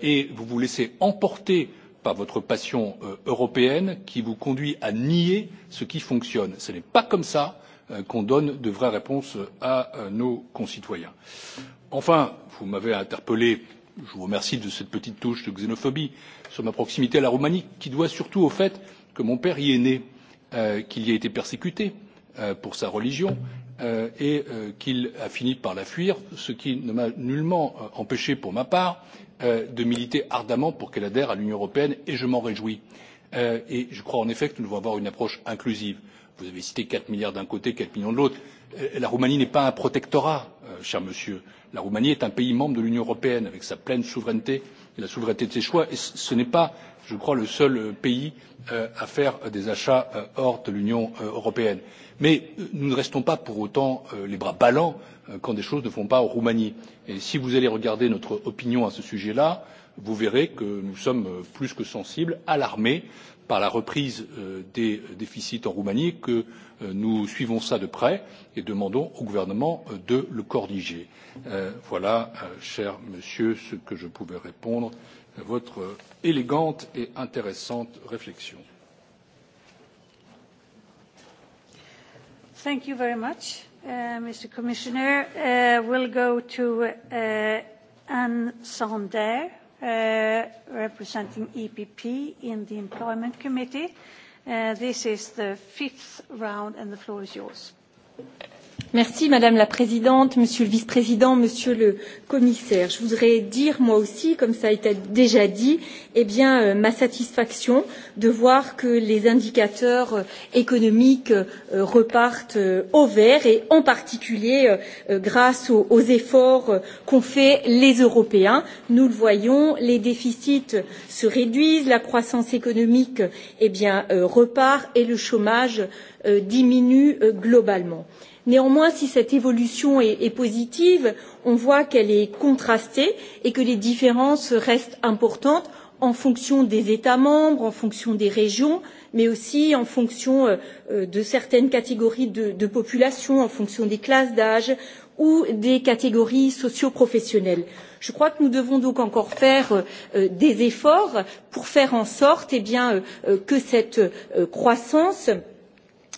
Et vous vous laissez emporter par votre passion européenne qui vous conduit à nier ce qui fonctionne. Ce n'est pas comme ça qu'on donne de vraies réponses à nos concitoyens enfin vous m'avez interpellé je vous remercie de cette petite touche de xénophobie sur ma proximité à la roumanie qui doit surtout au fait que mon père y est né euh, qu'il y a été persécuté euh, pour sa religion euh, et euh, qu'il a fini par la fuir ce qui ne m'a nullement euh, empêché pour ma part euh, de militer ardemment pour qu'elle adhère à l'union européenne et je m'en réjouis. et je crois en effet que nous devons avoir une approche inclusive. Vous avez cité 4 milliards d'un côté, 4 millions de l'autre. Euh, la Roumanie n'est pas un protectorat, euh, cher monsieur. La Roumanie est un pays membre de l'Union européenne avec sa pleine souveraineté et la souveraineté de ses choix. Et ce n'est pas, je crois, le seul euh, pays à faire des achats hors de l'Union européenne. Mais nous ne restons pas pour autant les bras ballants quand des choses ne font pas en Roumanie. Et si vous allez regarder notre opinion à ce sujet-là, vous verrez que nous sommes euh, plus que sensibles alarmés par la reprise euh, des euh, déficits en roumanie que nous suivons cela de près et demandons au gouvernement de le corriger. voilà cher monsieur ce que je pouvais répondre à votre élégante et intéressante réflexion. Thank you very much, uh, Mr. Commissioner. Uh, we'll go to uh, Anne Sander Uh, representing EPP in the Employment Committee. Uh, this is the fifth round, and the floor is yours. Merci Madame la Présidente, Monsieur le Vice-président, Monsieur le Commissaire. Je voudrais dire moi aussi, comme ça a été déjà dit, eh bien, euh, ma satisfaction de voir que les indicateurs euh, économiques euh, repartent euh, au vert et en particulier euh, euh, grâce aux, aux efforts qu'ont fait les Européens. Nous le voyons, les déficits se réduisent, la croissance économique eh bien, repart et le chômage diminue globalement. Néanmoins, si cette évolution est, est positive, on voit qu'elle est contrastée et que les différences restent importantes en fonction des États membres, en fonction des régions, mais aussi en fonction euh, euh de certaines catégories de, de population, en fonction des classes d'âge ou des catégories socioprofessionnelles. Je crois que nous devons donc encore faire euh, euh des efforts pour faire en sorte eh bien, euh, euh que cette croissance euh,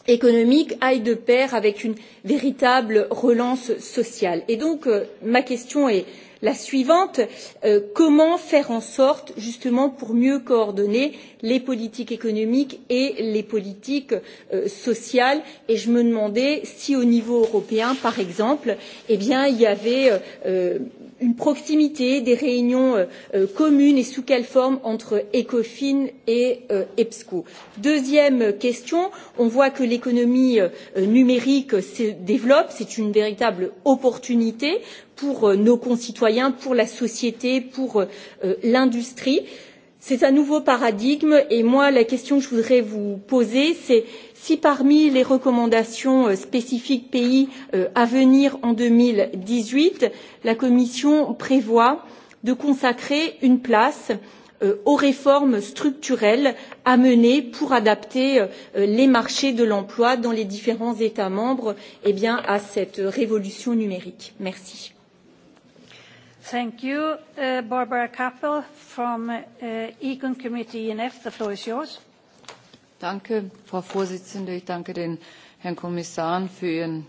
économique aille de pair avec une véritable relance sociale. Et donc, euh, ma question est La suivante, euh, comment faire en sorte justement pour mieux coordonner les politiques économiques et les politiques euh, sociales et je me demandais si au niveau européen par exemple, eh bien il y avait euh, euh une proximité des réunions euh, euh, communes et sous quelle forme entre ECOFIN et euh, EBSCO. Deuxième question, on voit que l'économie euh, numérique se développe, c'est une véritable opportunité pour euh, nos concitoyens, pour la société, pour euh, euh, l'industrie. C'est un nouveau paradigme et moi, la question que je voudrais vous poser, c'est si parmi les recommandations spécifiques pays à venir en 2018, la Commission prévoit de consacrer une place aux réformes structurelles à mener pour adapter les marchés de l'emploi dans les différents États membres eh bien, à cette révolution numérique. Merci. Thank you, uh, Barbara Kappel from uh, Econ Committee ENF. The floor is yours. Danke, Frau Vorsitzende. Ich danke den Herrn Kommissaren für Ihren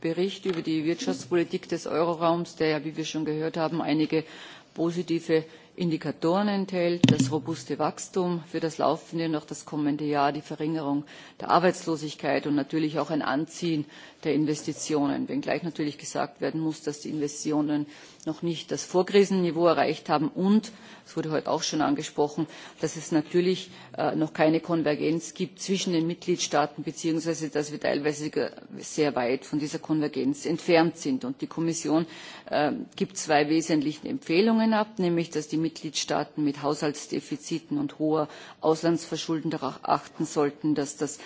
Bericht über die Wirtschaftspolitik des Euroraums, der ja, wie wir schon gehört haben, einige positive Indikatoren enthält, das robuste Wachstum für das laufende und auch das kommende Jahr, die Verringerung der Arbeitslosigkeit und natürlich auch ein Anziehen der Investitionen, wenngleich natürlich gesagt werden muss, dass die Investitionen noch nicht das Vorkrisenniveau erreicht haben und, es wurde heute auch schon angesprochen, dass es natürlich äh, noch keine Konvergenz gibt zwischen den Mitgliedstaaten, beziehungsweise dass wir teilweise sehr weit von dieser Konvergenz entfernt sind. Und die Kommission ähm, gibt zwei wesentliche Empfehlungen ab, nämlich, dass die Mitgliedstaaten mit Haushaltsdefiziten und hoher Auslandsverschuldung darauf achten sollten, dass das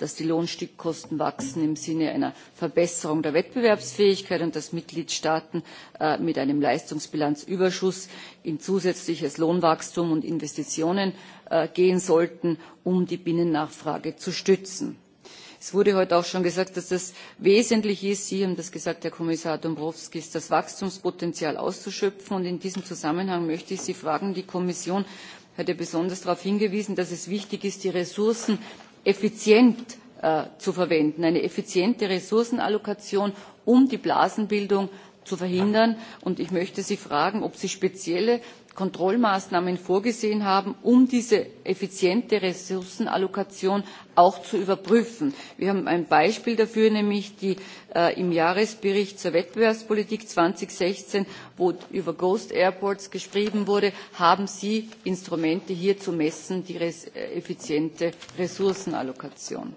dass die Lohnstückkosten wachsen im Sinne einer Verbesserung der Wettbewerbsfähigkeit und dass Mitgliedstaaten äh, mit einem Leistungsbilanzüberschuss in zusätzliches Lohnwachstum und Investitionen äh, gehen sollten, um die Binnennachfrage zu stützen. Es wurde heute auch schon gesagt, dass es wesentlich ist, Sie haben das gesagt, Herr Kommissar Dombrovskis, das Wachstumspotenzial auszuschöpfen. Und in diesem Zusammenhang möchte ich Sie fragen, die Kommission hat ja besonders darauf hingewiesen, dass es wichtig ist, die Ressourcen effizient äh, zu verwenden, eine effiziente Ressourcenallokation, um die Blasenbildung zu verhindern. Und ich möchte Sie fragen, ob Sie spezielle Kontrollmaßnahmen vorgesehen haben, um diese effiziente Ressourcenallokation auch zu überprüfen. Wir haben ein Beispiel dafür, nämlich die, äh, im Jahresbericht zur Wettbewerbspolitik 2016, wo über Ghost Airports geschrieben wurde, haben Sie Instrumente hier zu messen, die res äh, effiziente Ressourcenallokation.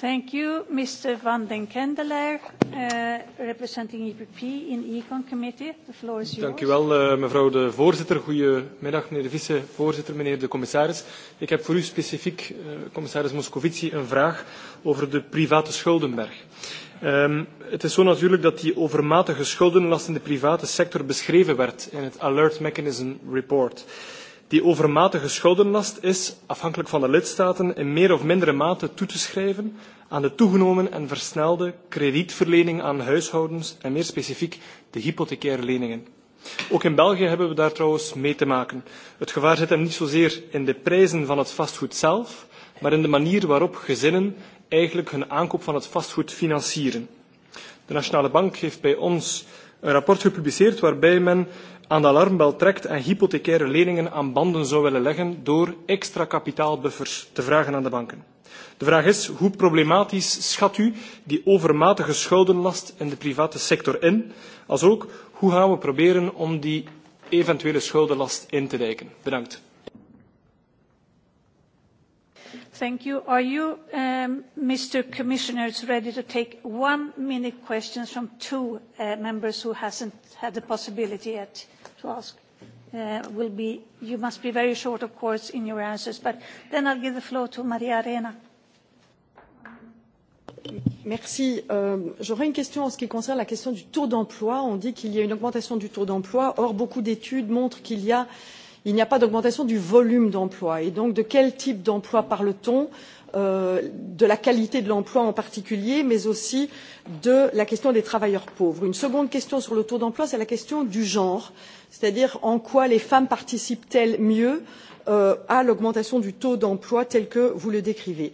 Thank you, Mr. Van den Kendeler, uh, representing EPP in Econ Committee. The floor is yours. Dank u wel, uh, mevrouw de voorzitter. Goedemiddag, meneer de vicevoorzitter, meneer de commissaris. Ik heb voor u specifiek, uh, commissaris Moscovici, een vraag over de private schuldenberg. Um, het is zo natuurlijk dat die overmatige schuldenlast in de private sector beschreven werd in het Alert Mechanism Report. Uh, die overmatige schuldenlast is, afhankelijk van de lidstaten, in meer of mindere mate toe te schrijven aan de toegenomen en versnelde kredietverlening aan huishoudens en meer specifiek de hypothecaire leningen. Ook in België hebben we daar trouwens mee te maken. Het gevaar zit hem niet zozeer in de prijzen van het vastgoed zelf, maar in de manier waarop gezinnen eigenlijk hun aankoop van het vastgoed financieren. De Nationale Bank heeft bij ons een rapport gepubliceerd waarbij men aan de alarmbel trekt en hypothecaire leningen aan banden zou willen leggen door extra kapitaalbuffers te vragen aan de banken. De vraag is, hoe problematisch schat u die overmatige schuldenlast in de private sector in? Als ook, hoe gaan we proberen om die eventuele schuldenlast in te dijken? Bedankt. Thank you. Are you, um, Mr. Commissioners, ready to take one-minute questions from two uh, members who hasn't had the possibility yet? to ask uh, will be, you must be very short, of course, in your answers, but then I'll give the floor to Maria Arena. Merci. Euh, J'aurais une question en ce qui concerne la question du taux d'emploi. On dit qu'il y a une augmentation du taux d'emploi. Or, beaucoup d'études montrent qu'il n'y a, a pas d'augmentation du volume d'emploi. Et donc, de quel type d'emploi parle-t-on Euh, de la qualité de l'emploi en particulier, mais aussi de la question des travailleurs pauvres. Une seconde question sur le taux d'emploi, c'est la question du genre, c'est-à-dire en quoi les femmes participent-elles mieux euh, à l'augmentation du taux d'emploi tel que vous le décrivez.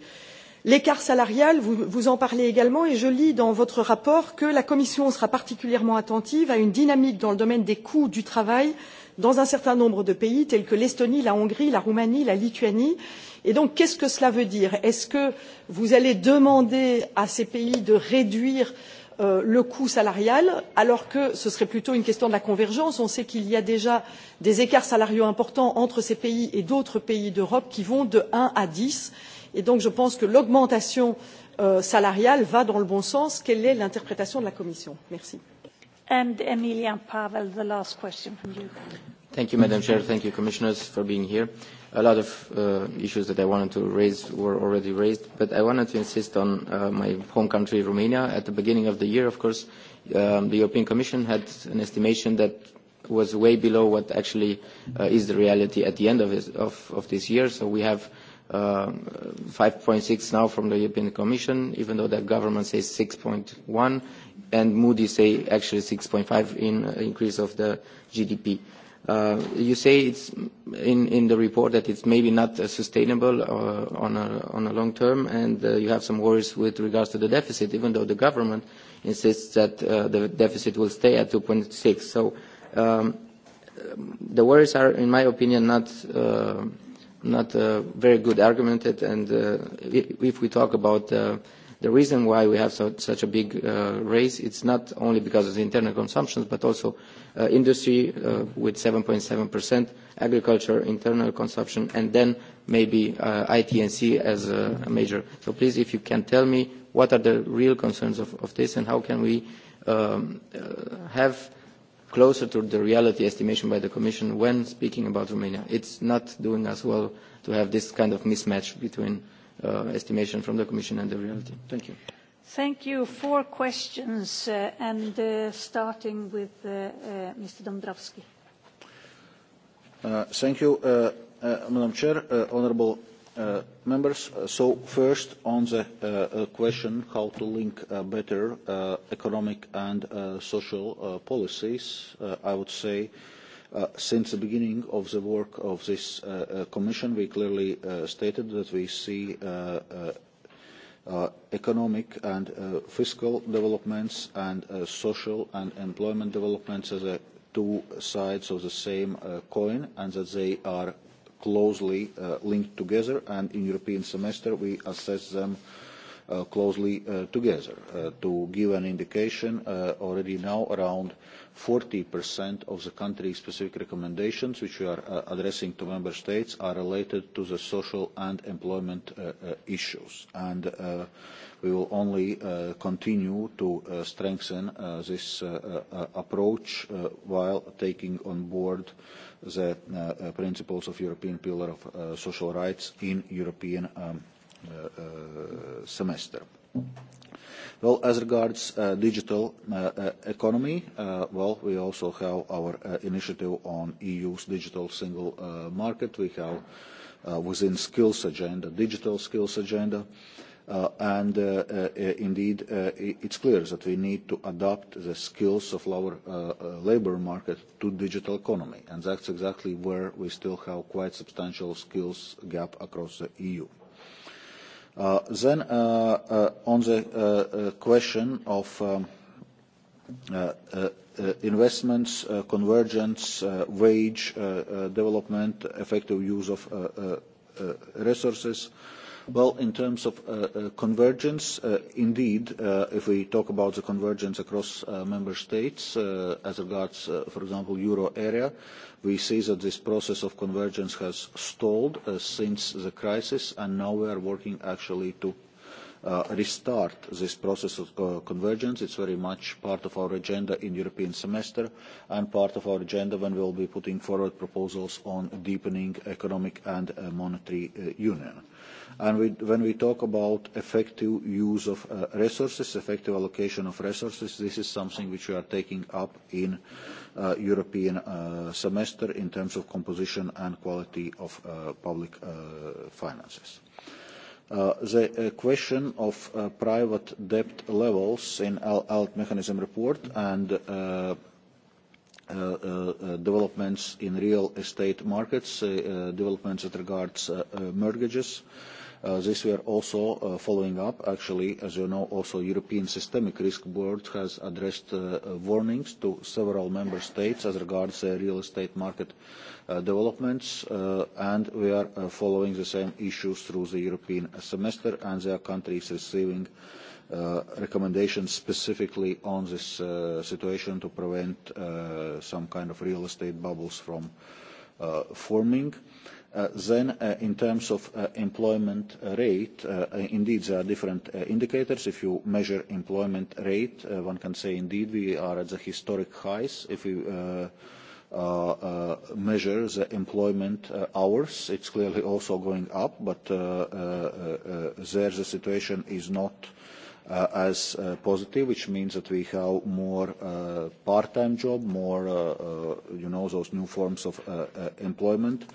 L'écart salarial, vous, vous en parlez également, et je lis dans votre rapport que la Commission sera particulièrement attentive à une dynamique dans le domaine des coûts du travail euh, dans un certain nombre de pays tels que l'Estonie, la Hongrie, la Roumanie, la Lituanie. Et donc, qu'est-ce que cela veut dire Est-ce que vous allez demander à ces pays de réduire euh, le coût salarial, alors que ce serait plutôt une question de la convergence. On sait qu'il y a déjà des écarts salariaux importants entre ces pays et d'autres pays d'Europe qui vont de 1 à 10. Et donc, je pense que l'augmentation euh, salariale va dans le bon sens. Quelle est l'interprétation de la Commission Merci. And Emilian Pavel, the last question from you. Thank you, Madam Chair. Thank you, Commissioners, for being here. A lot of uh, issues that I wanted to raise were already raised, but I wanted to insist on uh, my home country, Romania. At the beginning of the year, of course, um, the European Commission had an estimation that was way below what actually uh, is the reality at the end of this, of, of this year. So we have uh, 5.6 now from the European Commission, even though the government says 6.1 and Moody say actually 6.5 in uh, increase of the GDP. Uh, you say it's in, in the report that it's maybe not uh, sustainable uh, on, a, on a long term, and uh, you have some worries with regards to the deficit, even though the government insists that uh, the deficit will stay at 2.6. So um, the worries are, in my opinion, not, uh, not uh, very good argumented, and uh, if we talk about uh, The reason why we have such a big uh, raise, it's not only because of the internal consumption, but also uh, industry uh, with 7.7%, agriculture, internal consumption, and then maybe uh, IT and C as a, major. So please, if you can tell me what are the real concerns of, this and how can we um, uh, have closer to the reality estimation by the Commission when speaking about Romania. It's not doing us well to have this kind of mismatch between uh, estimation from the Commission and the reality. Thank you. Thank you. Four questions, uh, and uh, starting with uh, uh, Mr. Dombrovski. Uh, thank you, uh, uh, Madam Chair, uh, Honourable uh, members. Uh, so first, on the uh, uh, question how to link uh, better uh, economic and uh, social uh, policies, uh, I would say uh, Uh, since the beginning of the work of this uh, uh, Commission, we clearly uh, stated that we see uh, uh, uh, economic and uh, fiscal developments and uh, social and employment developments as a two sides of the same uh, coin and that they are closely uh, linked together and in European semester we assess them uh, closely uh, together. Uh, to give an indication uh, already now around 40% of the country-specific recommendations which we are uh, addressing to member states are related to the social and employment uh, uh, issues. And uh, we will only uh, continue to uh, strengthen uh, this uh, uh, approach uh, while taking on board the uh, uh, principles of European Pillar of uh, Social Rights in European um, uh, uh, semester. Well, as regards uh, digital uh, uh, economy, uh, well, we also have our uh, initiative on EU's digital single uh, market. We have uh, within skills agenda, digital skills agenda. Uh, and uh, uh, indeed, uh, it's clear that we need to adapt the skills of our uh, uh, labor market to digital economy. And that's exactly where we still have quite substantial skills gap across the EU. Uh, then uh, uh, on the uh, uh, question of um, uh, uh, uh, investments, uh, convergence, uh, wage, uh, uh, development, effective use of uh, uh, uh, resources, uh, Well, in terms of uh, uh, convergence, uh, indeed, uh, if we talk about the convergence across uh, member states uh, as regards, uh, for example, euro area, we see that this process of convergence has stalled uh, since the crisis, and now we are working actually to uh, restart this process of uh, convergence. It's very much part of our agenda in European semester and part of our agenda when we will be putting forward proposals on deepening economic and uh, monetary uh, union. And we, when we talk about effective use of uh, resources, effective allocation of resources, this is something which we are taking up in uh, European uh, semester in terms of composition and quality of uh, public uh, finances. Uh, the uh, question of uh, private debt levels in ALT mechanism report and uh, uh, uh, developments in real estate markets, uh, uh, developments that regards uh, uh, mortgages, uh, Uh, this we are also uh, following up. Actually, as you know, also European Systemic Risk Board has addressed uh, uh warnings to several member states as regards uh, real estate market uh, developments, uh, and we are uh, following the same issues through the European semester, and their countries receiving uh, recommendations specifically on this uh, situation to prevent uh, some kind of real estate bubbles from uh, forming. Uh, Uh, then uh, in terms of uh, employment rate, uh, uh, indeed there are different uh, indicators. If you measure employment rate, uh, one can say indeed we are at the historic highs. If we uh, uh, uh, measure the employment uh, hours, it's clearly also going up, but uh, uh, uh, uh there the situation is not uh, as uh, positive, which means that we have more uh, part-time job, more, uh, uh, you know, those new forms of uh, uh, employment.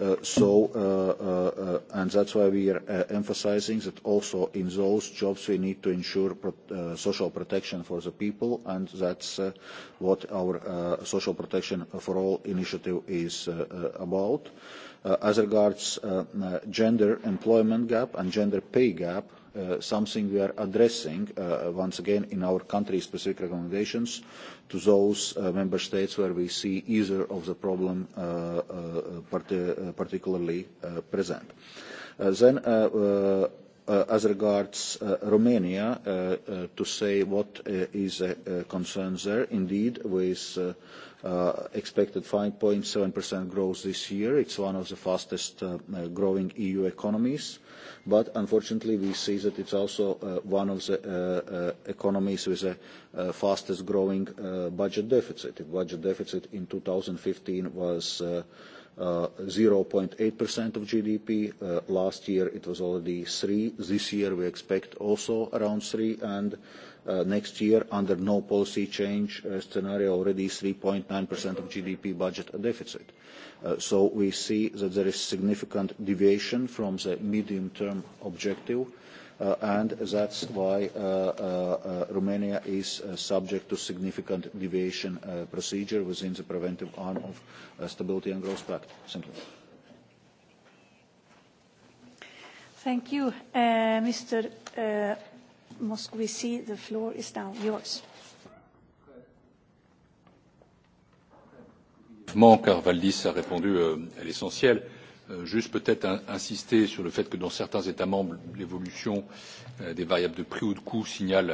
Uh, so, uh, uh, uh, and that's why we are uh, emphasizing that also in those jobs we need to ensure pro uh, social protection for the people, and that's uh, what our uh, social protection for all initiative is uh, uh, about. Uh, as regards uh, uh, gender employment gap and gender pay gap, uh, something we are addressing uh, once again in our country-specific recommendations to those uh, member states where we see either of the problem uh, uh, part uh, particularly uh, present. Uh, then, uh, uh, uh, as regards uh, Romania, uh, uh, to say what uh, is a uh, concern there, indeed, with uh, Uh, expected 5.7% growth this year. It's one of the fastest uh, uh growing EU economies. But unfortunately, we see that it's also uh, one of the uh, uh, economies with the fastest growing budget deficit. The budget deficit in 2015 was 0.8% of GDP. Last year, it was already 3%. This year, we expect also around 3%, and Uh, next year under no policy change uh, scenario already 3.9% of GDP budget deficit. Uh, so we see that there is significant deviation from the medium-term objective uh, and that's why uh, uh, uh, Romania is uh, subject to significant deviation uh, procedure within the preventive arm of uh, Stability and Growth Pact. Thank you. Thank you, uh, Mr. Uh, Moscovici, the floor is now yours. car Valdis a répondu à euh, l'essentiel. Euh, juste peut-être insister sur le fait que dans certains États membres, l'évolution euh, des variables de prix ou de coûts signale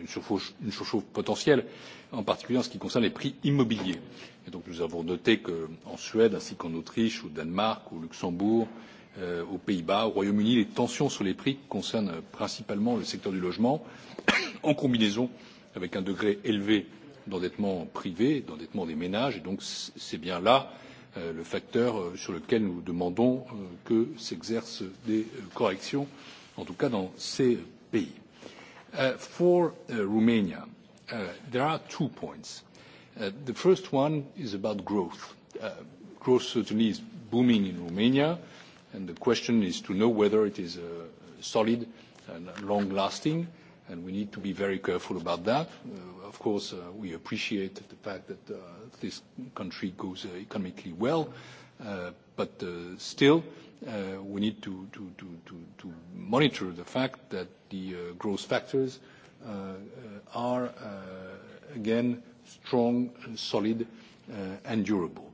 une surchauffe, potentielle, en particulier en ce qui concerne les prix immobiliers. Et donc nous avons noté qu'en Suède, ainsi qu'en Autriche, au Danemark, au Luxembourg, euh, aux Pays-Bas, au Royaume-Uni, les tensions sur les prix concernent euh, principalement le secteur du logement, (coughs) en combinaison avec un degré élevé d'endettement privé, d'endettement des ménages, et donc c'est bien là euh, le facteur euh, sur lequel nous demandons euh, que s'exercent des corrections, en tout cas dans ces pays. Uh, for uh, Romania, uh, there are two points. Uh, the first one is about growth. Uh, growth certainly is booming in Romania and the question is to know whether it is uh, solid and long-lasting, and we need to be very careful about that. Uh, of course, uh, we appreciate the fact that this country goes economically well, but still we need to, monitor the fact that the growth factors are, again, strong, solid, and durable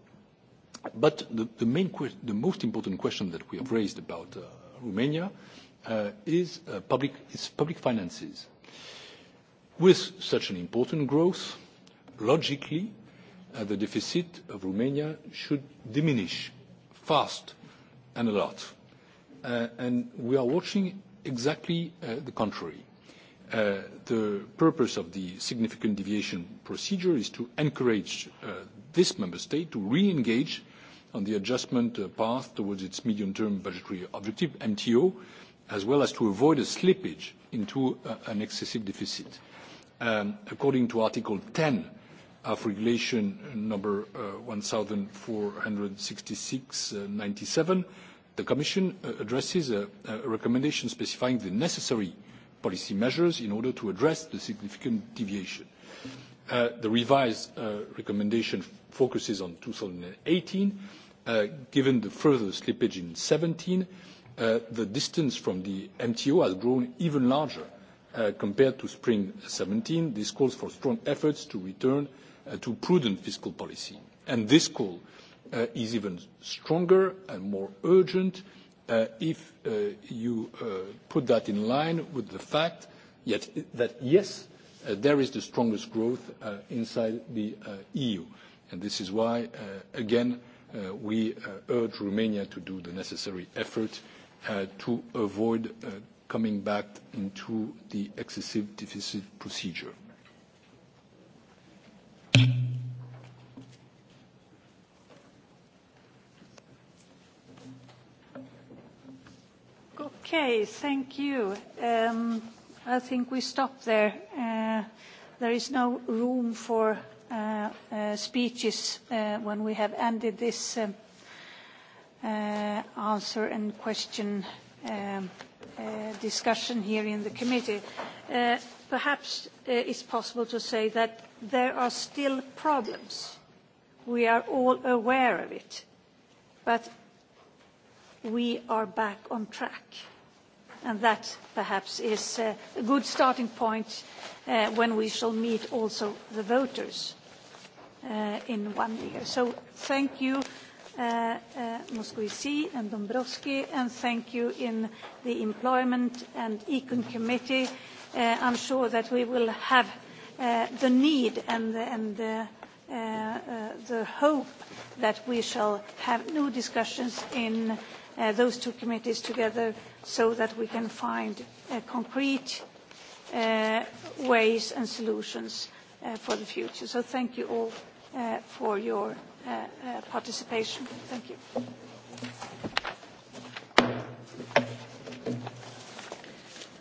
But the, the, main que- the most important question that we have raised about uh, Romania uh, is, uh, public, is public finances. With such an important growth, logically, uh, the deficit of Romania should diminish fast and a lot. Uh, and we are watching exactly uh, the contrary. Uh, the purpose of the significant deviation procedure is to encourage uh, this member state to re-engage on the adjustment uh, path towards its medium-term budgetary objective, MTO, as well as to avoid a slippage into uh, an excessive deficit. Um, according to Article 10 of Regulation number uh, 1466/97, uh, the Commission addresses a, a recommendation specifying the necessary policy measures in order to address the significant deviation. Uh, the revised uh, recommendation focuses on 2018 Uh, given the further slippage in 2017, uh, the distance from the MTO has grown even larger uh, compared to spring 2017. This calls for strong efforts to return uh, to prudent fiscal policy. and This call is even stronger and more urgent if you put that in line with the fact yet that, yes, there is the strongest growth inside the EU. and This is why, again, uh, we uh, urge Romania to do the necessary effort uh, to avoid uh, coming back into the excessive deficit procedure. Okay, thank you. Um, I think we stop there. Uh, there is no room for Uh, uh, speeches uh, when we have ended this uh, uh, answer and question um, uh, discussion here in the committee. Uh, perhaps uh, it's possible to say that there are still problems. We are all aware of it, but we are back on track. And that perhaps is uh, a good starting point uh, when we shall meet also the voters uh, in one year. So thank you, uh, uh, Moscovici and Dombrovski, and thank you in the Employment and Econ Committee. Uh, I'm sure that we will have uh, the need and, and the, uh, uh, the hope that we shall have new discussions in uh, those two committees together so that we can find uh, concrete uh, ways and solutions uh, for the future. So thank you all uh, for your uh, uh, participation. Thank you.